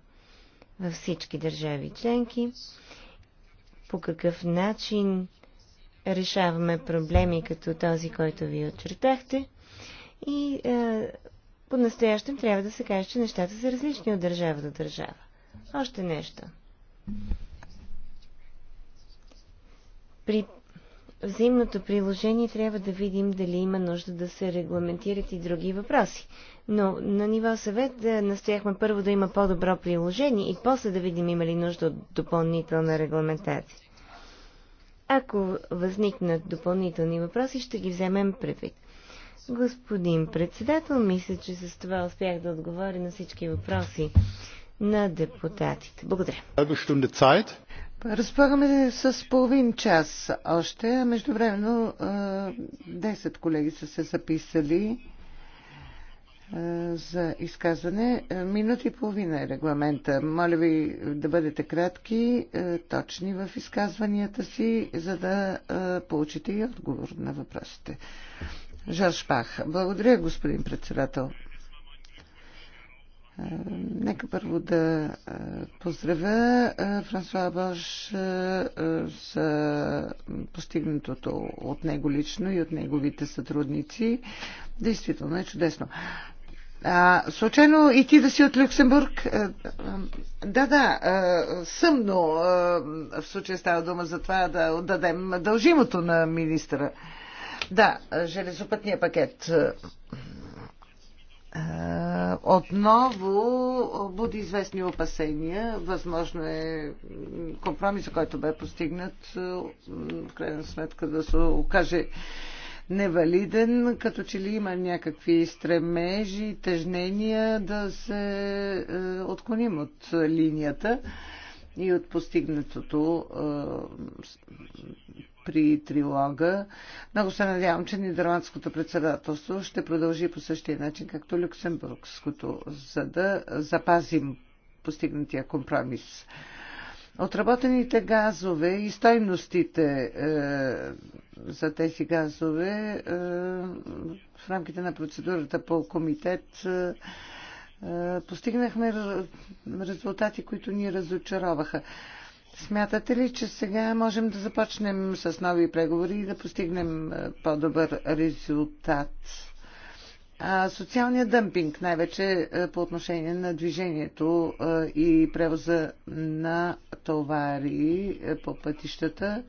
Speaker 6: във всички държави членки, по какъв начин решаваме проблеми като този, който ви очертахте. И е, по-настоящем трябва да се каже, че нещата са различни от държава до държава. Още нещо. При взаимното приложение трябва да видим дали има нужда да се регламентират и други въпроси. Но на ниво съвет да е, настояхме първо да има по-добро приложение и после да видим има ли нужда от допълнителна регламентация. Ако възникнат допълнителни въпроси, ще ги вземем предвид. Господин председател, мисля, че с това успях да отговоря на всички въпроси на депутатите.
Speaker 1: Благодаря. Разполагаме с половин час още, междувременно 10 колеги са се записали. Е, за изказване. Е, Минута и половина е регламента. Моля ви да бъдете кратки, е, точни в изказванията си, за да получите и отговор на въпросите. Жорж Пах. Благодаря, господин председател. Нека първо да поздравя Франсуа Бош за постигнатото от него лично и от неговите сътрудници. Действително е чудесно. А, случайно и ти да си от Люксембург? Е, е, да, да, е, съм, но в случая става дума за това да отдадем дължимото на министра. Да, железопътния пакет отново буди известни опасения. Възможно е компромиса, който бе постигнат, в крайна сметка да се окаже невалиден, като че ли има някакви стремежи, тежнения да се е, отклоним от линията и от постигнатото е, при трилога. Много се надявам, че Нидерландското председателство ще продължи по същия начин, както Люксембургското, за да запазим постигнатия компромис. Отработените газове и стойностите е, за тези газове е, в рамките на процедурата по комитет е, е, постигнахме резултати, които ни разочароваха. Смятате ли, че сега можем да започнем с нови преговори и да постигнем по-добър резултат? А, социалният дъмпинг, най-вече по отношение на движението и превоза на товари по пътищата,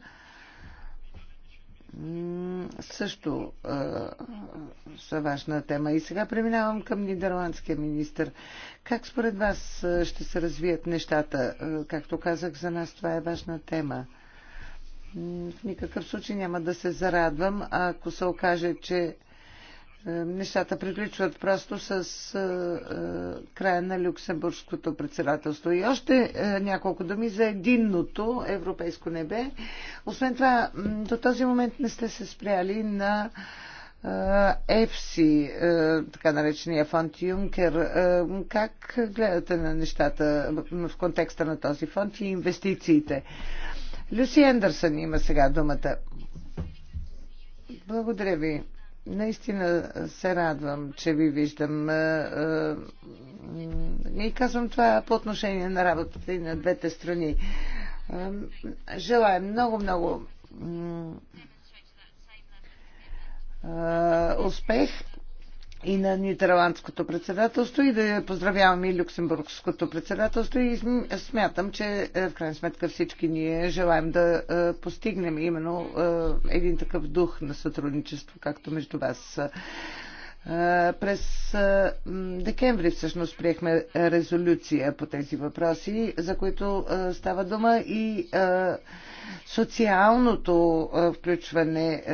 Speaker 1: също а, са важна тема. И сега преминавам към нидерландския министр. Как според вас ще се развият нещата? Както казах, за нас това е важна тема. В никакъв случай няма да се зарадвам, ако се окаже, че е, нещата приключват просто с е, е, края на Люксембургското председателство. И още няколко думи за единното европейско небе. Освен това, до този момент не сте се спряли на ЕФСИ, така наречения фонд Юнкер. Как гледате на нещата в контекста на този фонд и инвестициите? Люси Ендърсън има сега думата. Благодаря ви наистина се радвам, че ви виждам. Е, е, и казвам това по отношение на работата и на двете страни. Е, Желая много-много успех и на Нидерландското председателство и да поздравявам и Люксембургското председателство и смятам, че е, в крайна сметка всички ние желаем да е, постигнем именно е, един такъв дух на сътрудничество, както между вас. През декември всъщност приехме резолюция по тези въпроси, за които става дума и социалното включване,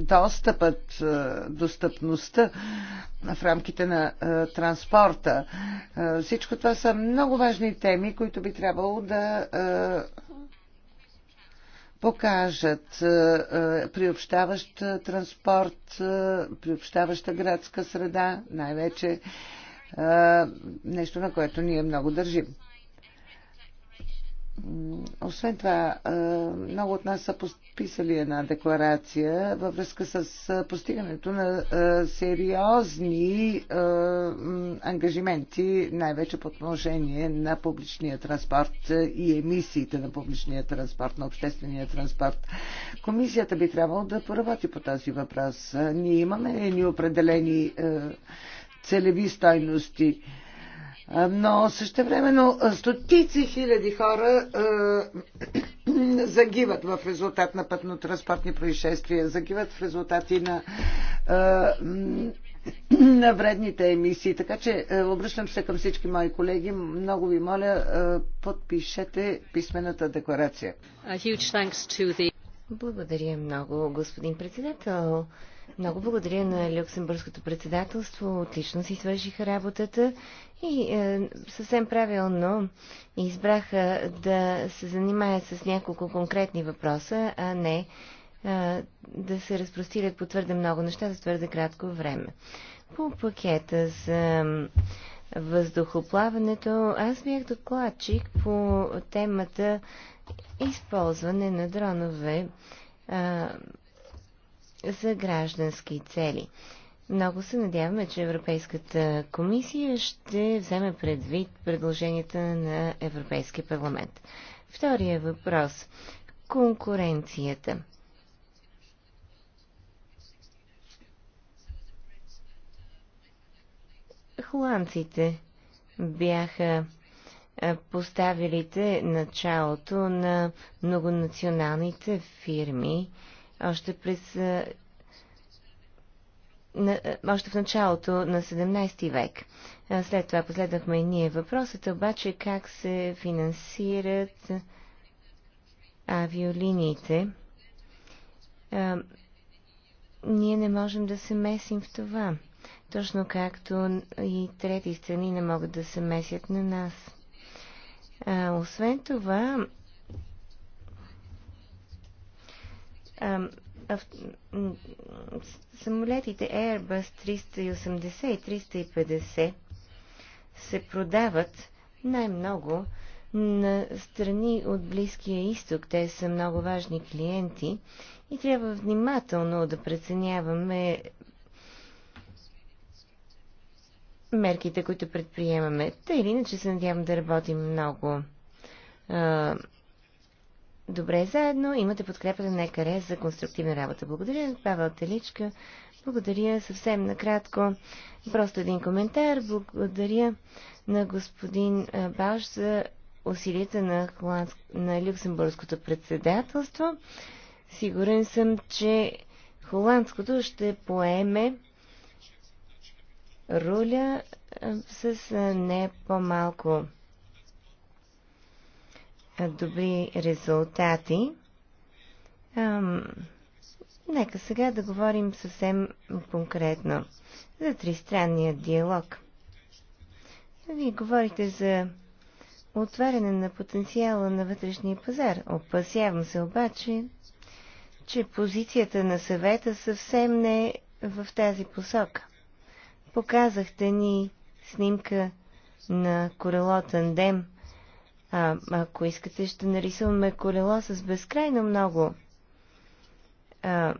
Speaker 1: достъпът, достъпността в рамките на транспорта. Всичко това са много важни теми, които би трябвало да покажат е, е, приобщаващ е, транспорт, приобщаваща градска среда, най-вече нещо, на което ние много държим. Освен това, много от нас са подписали една декларация във връзка с постигането на сериозни ангажименти, най-вече по отношение на публичния транспорт и емисиите на публичния транспорт, на обществения транспорт. Комисията би трябвало да поработи по този въпрос. Ние имаме ни определени целеви стойности но времено стотици хиляди хора загиват в резултат на пътно-транспортни происшествия, загиват в резултати на, на вредните емисии. Така че е, обръщам се към всички мои колеги. Много ви моля, подпишете писмената декларация.
Speaker 6: Благодаря много, господин председател. Много благодаря на Люксембургското председателство. Отлично си свършиха работата и е, съвсем правилно избраха да се занимаят с няколко конкретни въпроса, а не е, да се разпростират по твърде много неща за твърде кратко време. По пакета за въздухоплаването аз бях докладчик по темата използване на дронове е, за граждански цели. Много се надяваме, че Европейската комисия ще вземе предвид предложенията на Европейския парламент. Втория въпрос – конкуренцията. Холандците бяха поставилите началото на многонационалните фирми – още през на, още в началото на 17 век. След това последвахме и ние. Въпросът е обаче как се финансират авиолиниите. А, ние не можем да се месим в това. Точно както и трети страни не могат да се месят на нас. А, освен това, самолетите Airbus 380 и 350 се продават най-много на страни от Близкия изток. Те са много важни клиенти и трябва внимателно да преценяваме мерките, които предприемаме. Та или иначе се надявам да работим много а, добре заедно. Имате подкрепа на НКР за конструктивна работа. Благодаря, Павел Теличка. Благодаря съвсем накратко. Просто един коментар. Благодаря на господин Баш за усилията на, Холандск... на Люксембургското председателство. Сигурен съм, че Холандското ще поеме роля с не по-малко добри резултати. Ам, нека сега да говорим съвсем конкретно за тристранния диалог. Вие говорите за отваряне на потенциала на вътрешния пазар. Опасявам се обаче, че позицията на съвета съвсем не е в тази посока. Показахте ни снимка на корело тандем – а, ако искате, ще нарисуваме колело с безкрайно много а,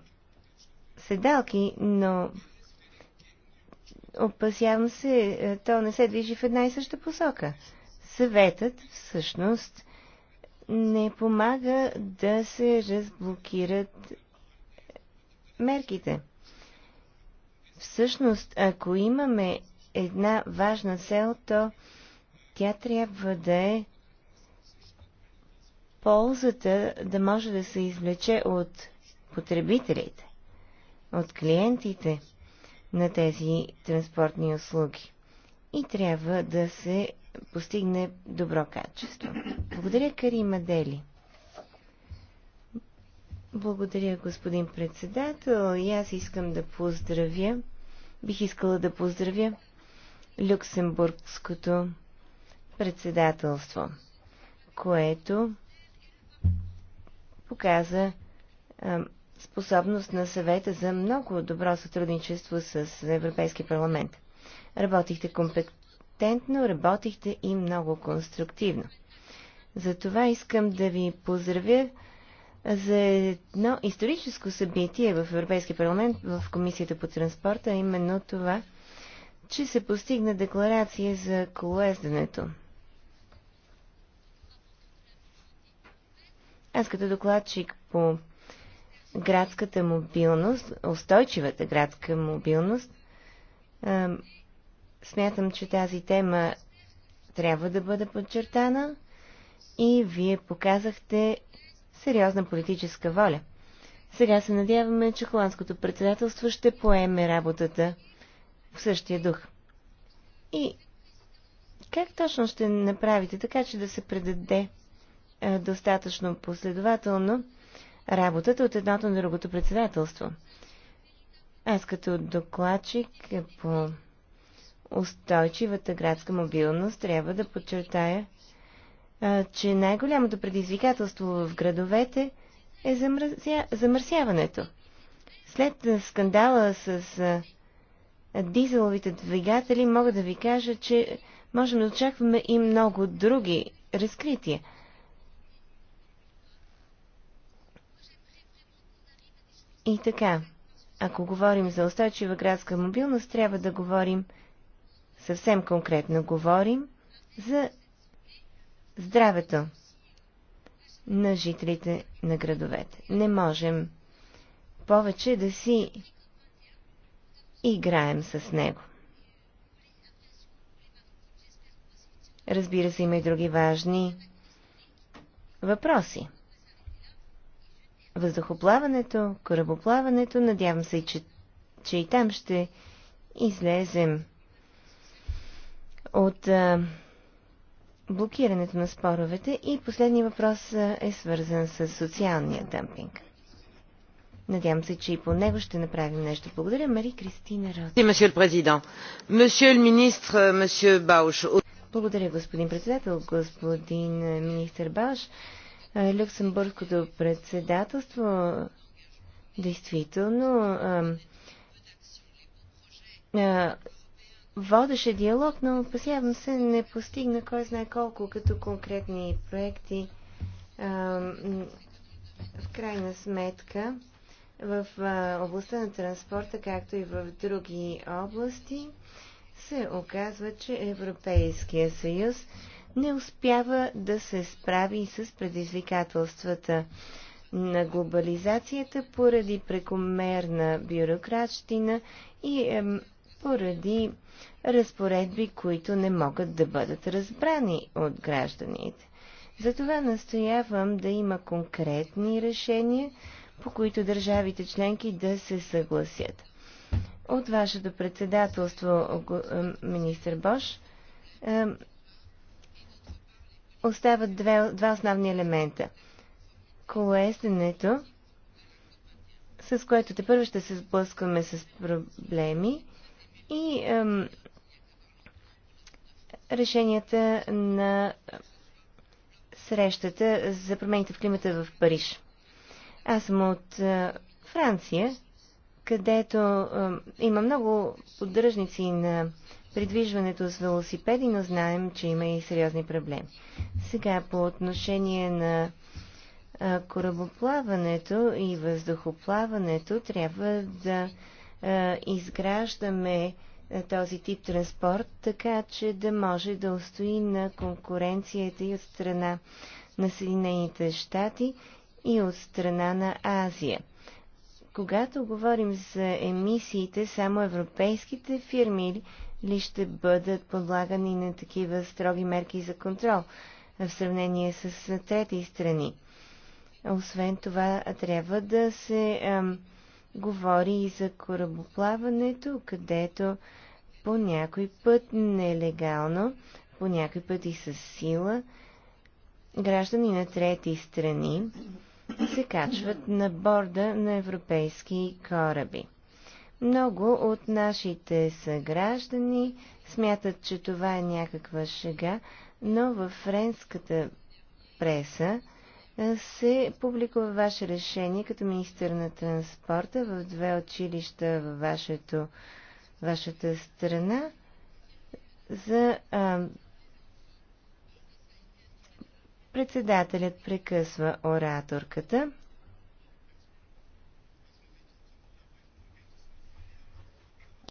Speaker 6: седалки, но опасявам се, то не се движи в една и съща посока. Съветът всъщност не помага да се разблокират мерките. Всъщност, ако имаме една важна цел, то тя трябва да е ползата да може да се извлече от потребителите, от клиентите на тези транспортни услуги. И трябва да се постигне добро качество. Благодаря, Карима Дели. Благодаря, господин председател. И аз искам да поздравя, бих искала да поздравя Люксембургското председателство, което показа способност на съвета за много добро сътрудничество с Европейски парламент. Работихте компетентно, работихте и много конструктивно. За това искам да ви поздравя за едно историческо събитие в Европейски парламент, в Комисията по транспорта, именно това, че се постигна декларация за колоезденето. Аз като докладчик по градската мобилност, устойчивата градска мобилност, смятам, че тази тема трябва да бъде подчертана и вие показахте сериозна политическа воля. Сега се надяваме, че холандското председателство ще поеме работата в същия дух. И как точно ще направите така, че да се предаде е, достатъчно последователно работата от едното на другото председателство. Аз като докладчик е по устойчивата градска мобилност трябва да подчертая, че най-голямото предизвикателство в градовете е замръзя... замърсяването. След скандала с дизеловите двигатели мога да ви кажа, че можем да очакваме и много други разкрития – И така, ако говорим за устойчива градска мобилност, трябва да говорим съвсем конкретно. Говорим за здравето на жителите на градовете. Не можем повече да си играем с него. Разбира се, има и други важни въпроси въздухоплаването, корабоплаването. Надявам се, че, че и там ще излезем от а, блокирането на споровете. И последният въпрос е свързан с социалния дъмпинг. Надявам се, че и по него ще направим нещо. Благодаря, Мари Кристина
Speaker 1: Рот.
Speaker 6: Благодаря, господин председател, господин министр Бауш. Люксембургското председателство действително а, а, водеше диалог, но опасявам се не постигна кой знае колко като конкретни проекти. А, в крайна сметка в а, областта на транспорта, както и в други области, се оказва, че Европейския съюз не успява да се справи с предизвикателствата на глобализацията поради прекомерна бюрократщина и е, поради разпоредби, които не могат да бъдат разбрани от гражданите. Затова настоявам да има конкретни решения, по които държавите членки да се съгласят. От вашето председателство, министър Бош, остават две, два основни елемента. Колесенето, е с което те първо ще се сблъскваме с проблеми и ем, решенията на срещата за промените в климата в Париж. Аз съм от е, Франция, където е, има много поддръжници на придвижването с велосипеди, но знаем, че има и сериозни проблеми. Сега по отношение на корабоплаването и въздухоплаването трябва да изграждаме този тип транспорт, така че да може да устои на конкуренцията и от страна на Съединените щати и от страна на Азия. Когато говорим за емисиите, само европейските фирми ли ще бъдат подлагани на такива строги мерки за контрол в сравнение с трети страни. Освен това, трябва да се ам, говори и за корабоплаването, където по някой път нелегално, по някой път и с сила, граждани на трети страни се качват на борда на европейски кораби. Много от нашите съграждани смятат, че това е някаква шега, но във френската преса се публикува ваше решение като министър на транспорта в две училища във вашето, вашата страна за а, председателят прекъсва ораторката.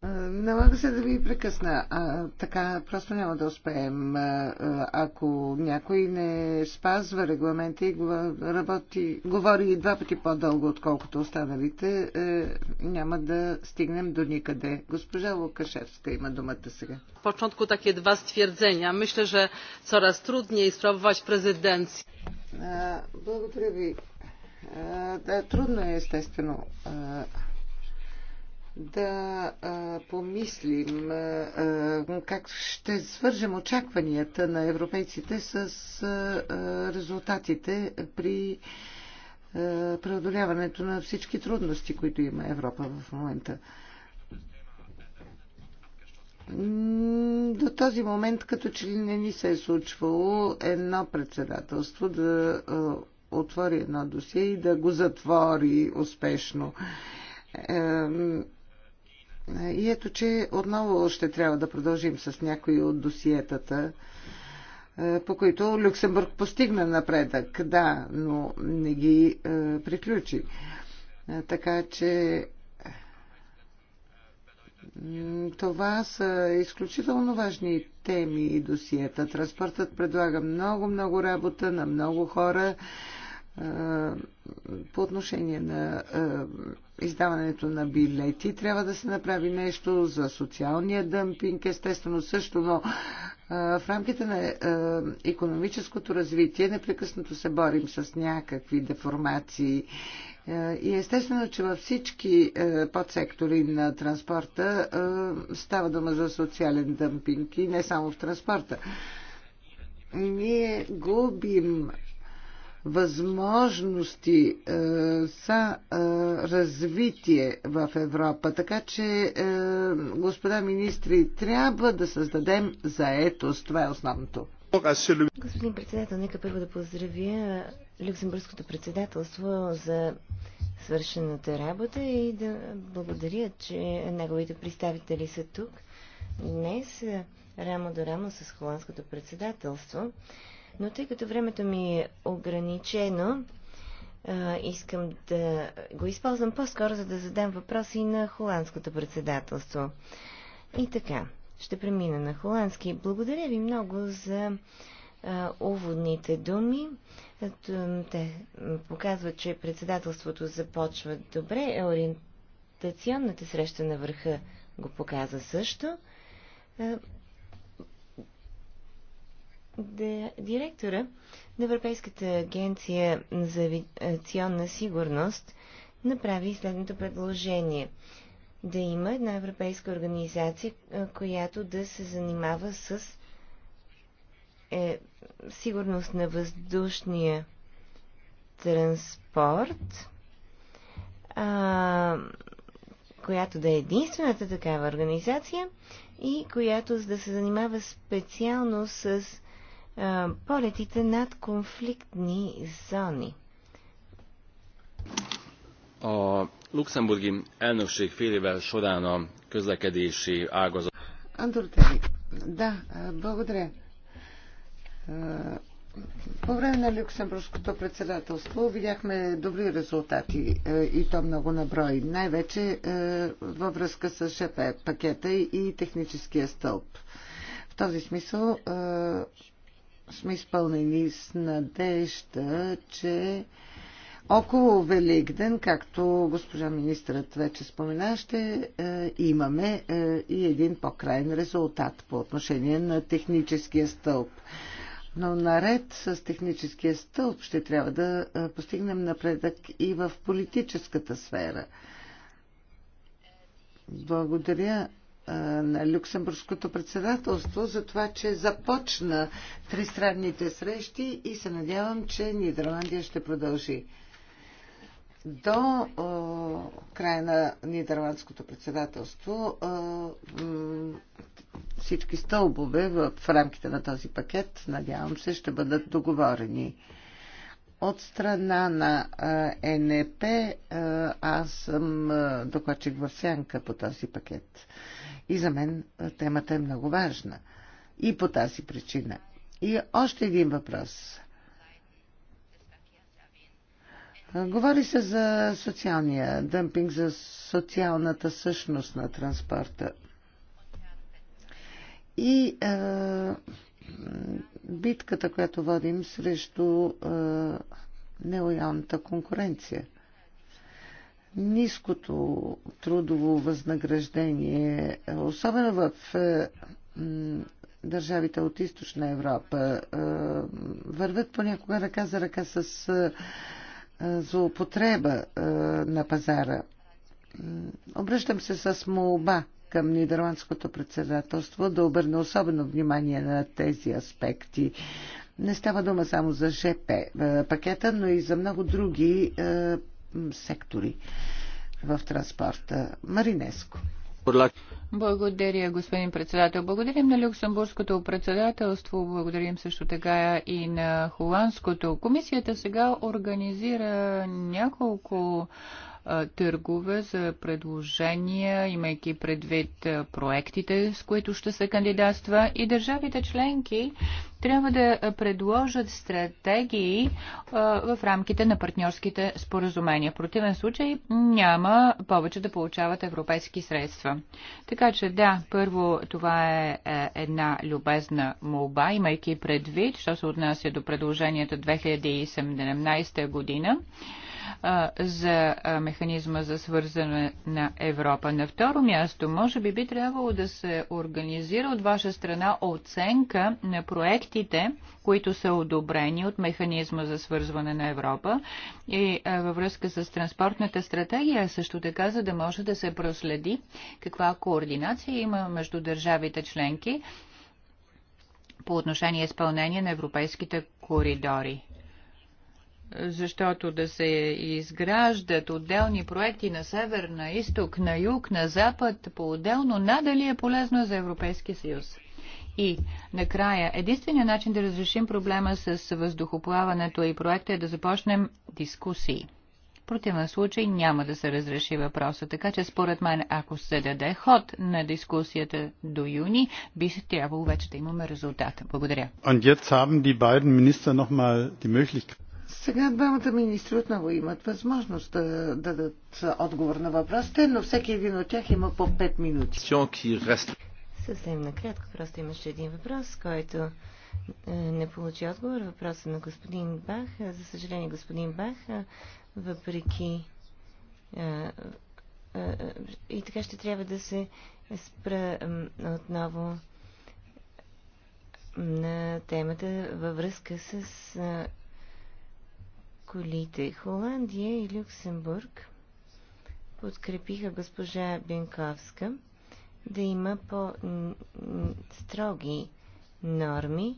Speaker 1: Налага се да ви прекъсна. А, така просто няма да успеем. А, ако някой не спазва регламента и работи, говори и два пъти по-дълго, отколкото останалите, е, няма да стигнем до никъде. Госпожа Лукашевска има думата сега. В початку два dwa Мисля, че сораз трудни е sprawować президенция. Благодаря ви. А, да, трудно е, естествено. А, да а, помислим а, как ще свържем очакванията на европейците с а, резултатите при а, преодоляването на всички трудности, които има Европа в момента. До този момент, като че ли не ни се е случвало едно председателство да отвори едно досие и да го затвори успешно и ето, че отново ще трябва да продължим с някои от досиетата, е, по които Люксембург постигна напредък, да, но не ги е, приключи. Е, така че това са изключително важни теми и досиета. Транспортът предлага много-много работа на много хора по отношение на издаването на билети. Трябва да се направи нещо за социалния дъмпинг, естествено също, но в рамките на економическото развитие непрекъснато се борим с някакви деформации. И естествено, че във всички подсектори на транспорта става дума за социален дъмпинг и не само в транспорта. Ние губим възможности е, за е, развитие в Европа. Така че, е, господа министри, трябва да създадем заетост. Това е основното.
Speaker 2: Господин
Speaker 6: председател, нека първо да поздравя Люксембургското председателство за свършената работа и да благодаря, че неговите представители са тук днес, рамо до рамо с холандското председателство. Но тъй като времето ми е ограничено, искам да го използвам по-скоро, за да задам въпроси на холандското председателство. И така, ще премина на холандски. Благодаря ви много за уводните думи. Те показват, че председателството започва добре. Ориентационната среща на върха го показа също де, директора на Европейската агенция за авиационна сигурност направи следното предложение. Да има една европейска организация, която да се занимава с е, сигурност на въздушния транспорт, а, която да е единствената такава организация и която да се занимава специално с а, полетите над конфликтни зони.
Speaker 3: A luxemburgi elnökség fél éve során a közlekedési ágazat.
Speaker 1: Андуртери, да, благодаря. По време на Люксембургското председателство видяхме добри резултати и то много наброи. Най-вече във връзка с ШП пакета и техническия стълб. В този смисъл сме изпълнени с надежда, че около Великден, както госпожа министрът вече спомена, ще е, имаме е, и един по-крайен резултат по отношение на техническия стълб. Но наред с техническия стълб ще трябва да е, постигнем напредък и в политическата сфера. Благодаря на Люксембургското председателство за това, че започна тристранните срещи и се надявам, че Нидерландия ще продължи. До края на Нидерландското председателство всички стълбове в рамките на този пакет, надявам се, ще бъдат договорени. От страна на а, аз съм докладчик в сянка по този пакет. И за мен темата е много важна. И по тази причина. И още един въпрос. Говори се за социалния дъмпинг, за социалната същност на транспорта. И е, битката, която водим срещу е, нелоялната конкуренция ниското трудово възнаграждение, особено в е, държавите от източна Европа, е, вървят понякога ръка за ръка с е, злоупотреба на пазара. Обръщам се с молба към Нидерландското председателство да обърне особено внимание на тези аспекти. Не става дума само за ЖП пакета, но и за много други сектори в транспорта. Маринеско.
Speaker 4: Благодаря, господин председател. Благодарим на Люксембургското председателство, благодарим също така и на Холандското. Комисията сега организира няколко търгове за предложения, имайки предвид проектите, с които ще се кандидатства и държавите членки трябва да предложат стратегии в рамките на партньорските споразумения. В противен случай няма повече да получават европейски средства. Така че да, първо това е, е една любезна молба, имайки предвид, що се отнася до предложенията 2017 година за механизма за свързане на Европа. На второ място, може би би трябвало да се организира от ваша страна оценка на проектите, които са одобрени от механизма за свързване на Европа и във връзка с транспортната стратегия също така, за да може да се проследи каква координация има между държавите членки по отношение изпълнение на европейските коридори защото да се изграждат отделни проекти на север, на изток, на юг, на запад, по-отделно, надали е полезно за Европейския съюз. И накрая, единственият начин да разрешим проблема с въздухоплаването и проекта е да започнем дискусии. В противен случай няма да се разреши въпроса, така че според мен, ако се даде ход на дискусията до юни, би се трябвало вече да имаме резултата. Благодаря.
Speaker 2: die Möglichkeit.
Speaker 1: Сега двамата министри отново имат възможност да дадат отговор на въпросите, но всеки един от тях има по 5 минути.
Speaker 6: Съвсем накратко, просто имаше един въпрос, който е, не получи отговор. Въпросът на господин Бах. Е, за съжаление, господин Бах, е, въпреки и така ще трябва да се спра отново на темата във връзка с колите. Холандия и Люксембург подкрепиха госпожа Бенковска да има по-строги норми,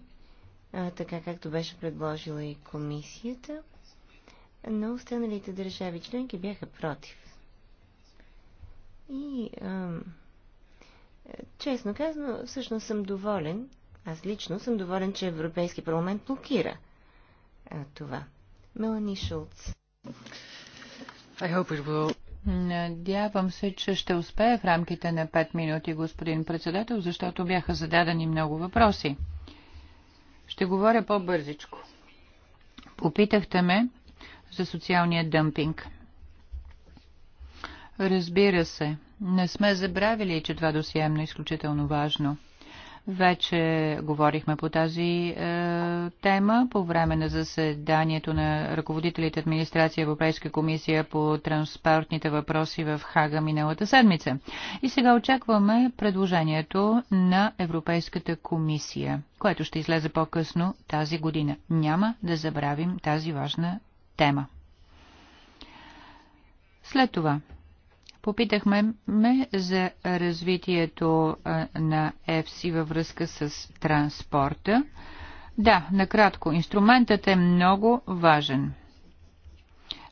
Speaker 6: а, така както беше предложила и комисията, но останалите държави членки бяха против. И а, честно казано, всъщност съм доволен, аз лично съм доволен, че Европейски парламент блокира а, това. Мелани Шулц. I hope
Speaker 4: it will... Надявам се, че ще успея в рамките на 5 минути, господин председател, защото бяха зададени много въпроси. Ще говоря по-бързичко. Попитахте ме за социалния дъмпинг. Разбира се, не сме забравили, че това досие е изключително важно – вече говорихме по тази е, тема по време на заседанието на ръководителите администрация Европейска комисия по транспортните въпроси в Хага миналата седмица. И сега очакваме предложението на Европейската комисия, което ще излезе по-късно тази година. Няма да забравим тази важна тема. След това Попитахме ме за развитието на ЕФСИ във връзка с транспорта. Да, накратко, инструментът е много важен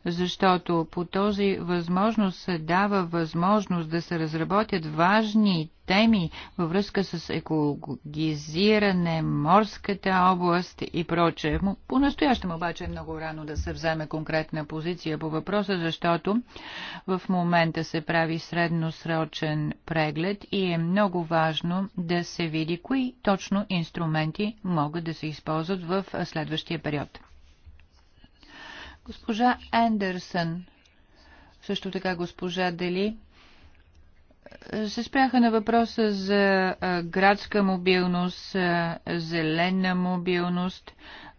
Speaker 4: защото по този възможност се дава възможност да се разработят важни теми във връзка с екологизиране, морската област и прочее. По-настоящем обаче е много рано да се вземе конкретна позиция по въпроса, защото в момента се прави средносрочен преглед и е много важно да се види кои точно инструменти могат да се използват в следващия период. Госпожа Ендерсън, също така госпожа Дели, се спряха на въпроса за градска мобилност, зелена мобилност,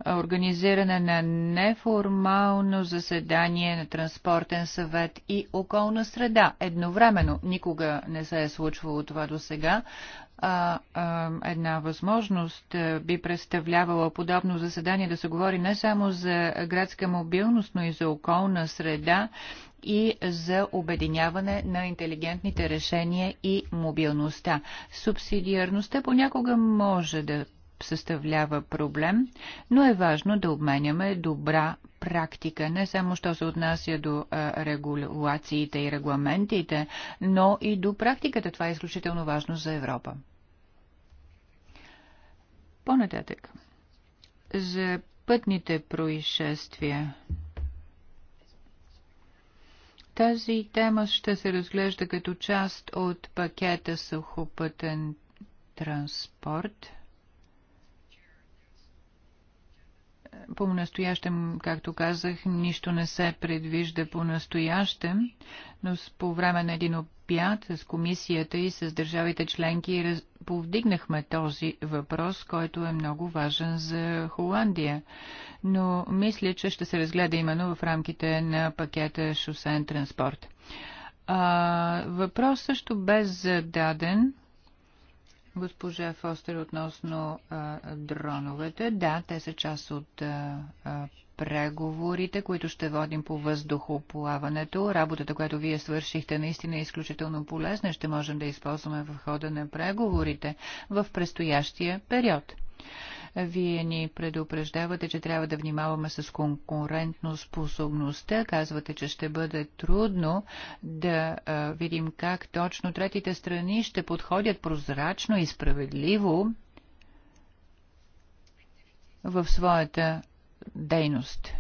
Speaker 4: организиране на неформално заседание на транспортен съвет и околна среда. Едновременно никога не се е случвало това до сега. А, а, една възможност би представлявала подобно заседание да се говори не само за градска мобилност, но и за околна среда и за обединяване на интелигентните решения и мобилността. Субсидиарността понякога може да съставлява проблем, но е важно да обменяме добра практика, не само що се отнася до регулациите и регламентите, но и до практиката. Това е изключително важно за Европа. По-нататък. За пътните происшествия. Тази тема ще се разглежда като част от пакета сухопътен транспорт. По-настоящем, както казах, нищо не се предвижда по-настоящем, но по време на един обяд с комисията и с държавите членки повдигнахме този въпрос, който е много важен за Холандия. Но мисля, че ще се разгледа именно в рамките на пакета шосен транспорт. А, въпрос също бе зададен госпожа Фостер относно а, дроновете. Да, те са част от а, а, преговорите, които ще водим по въздухоплаването. Работата, която вие свършихте, наистина е изключително полезна. Ще можем да използваме в хода на преговорите в предстоящия период. Вие ни предупреждавате, че трябва да внимаваме с конкурентно способността. Казвате, че ще бъде трудно да видим как точно третите страни ще подходят прозрачно и справедливо в своята дейност.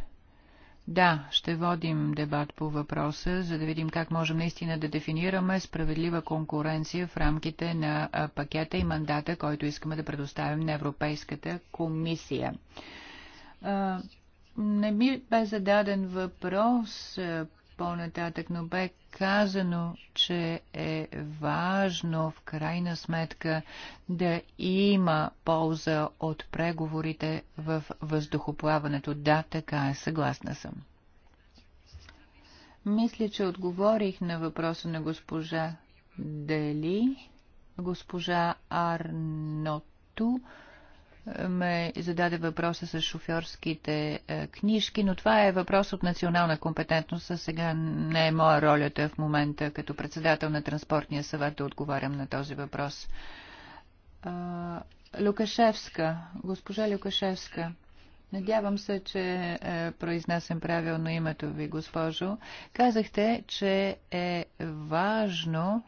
Speaker 4: Да, ще водим дебат по въпроса, за да видим как можем наистина да дефинираме справедлива конкуренция в рамките на пакета и мандата, който искаме да предоставим на Европейската комисия. Не ми бе зададен въпрос по-нататък, но бе казано, че е важно в крайна сметка да има полза от преговорите в въздухоплаването. Да, така е, съгласна съм. Мисля, че отговорих на въпроса на госпожа Дели, госпожа Арното ме зададе въпроса с шофьорските е, книжки, но това е въпрос от национална компетентност, а сега не е моя ролята в момента като председател на транспортния съвет да отговарям на този въпрос. Лукашевска, госпожа Лукашевска. Надявам се, че е, произнасям произнесем правилно името ви, госпожо. Казахте, че е важно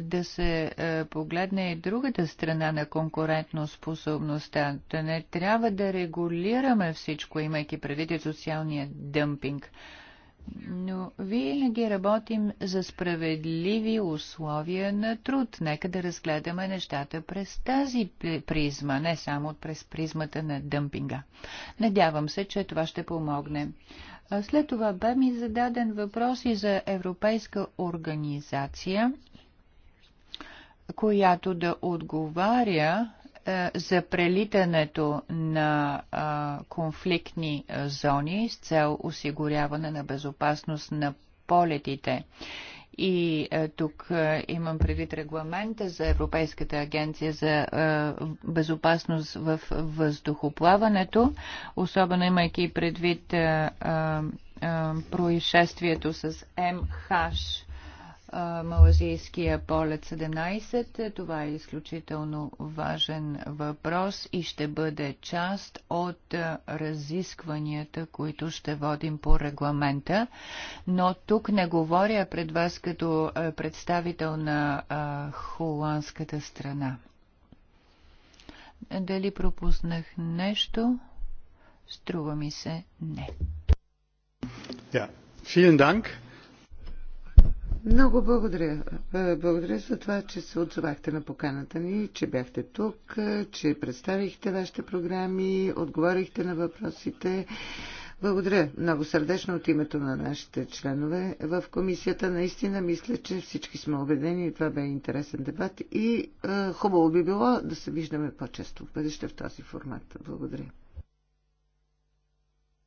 Speaker 4: да се е, погледне и другата страна на конкурентно способността. Да не трябва да регулираме всичко, имайки предвид социалния дъмпинг. Но винаги работим за справедливи условия на труд. Нека да разгледаме нещата през тази призма, не само през призмата на дъмпинга. Надявам се, че това ще помогне. След това бе ми зададен въпрос и за Европейска организация която да отговаря е, за прелитането на е, конфликтни е, зони с цел осигуряване на безопасност на полетите. И а, тук а, имам предвид регламента за Европейската агенция за а, безопасност в въздухоплаването, особено имайки предвид происшествието с МХ малазийския полет 17. Това е изключително важен въпрос и ще бъде част от разискванията, които ще водим по регламента. Но тук не говоря пред вас като представител на холандската страна. Дали пропуснах нещо? Струва ми се не.
Speaker 2: Ja, vielen Dank.
Speaker 1: Много благодаря. Е, благодаря за това, че се отзовахте на поканата ни, че бяхте тук, е, че представихте вашите програми, отговорихте на въпросите. Благодаря много сърдечно от името на нашите членове в комисията. Наистина мисля, че всички сме убедени и това бе интересен дебат и е, хубаво би било да се виждаме по-често в бъдеще в този формат. Благодаря.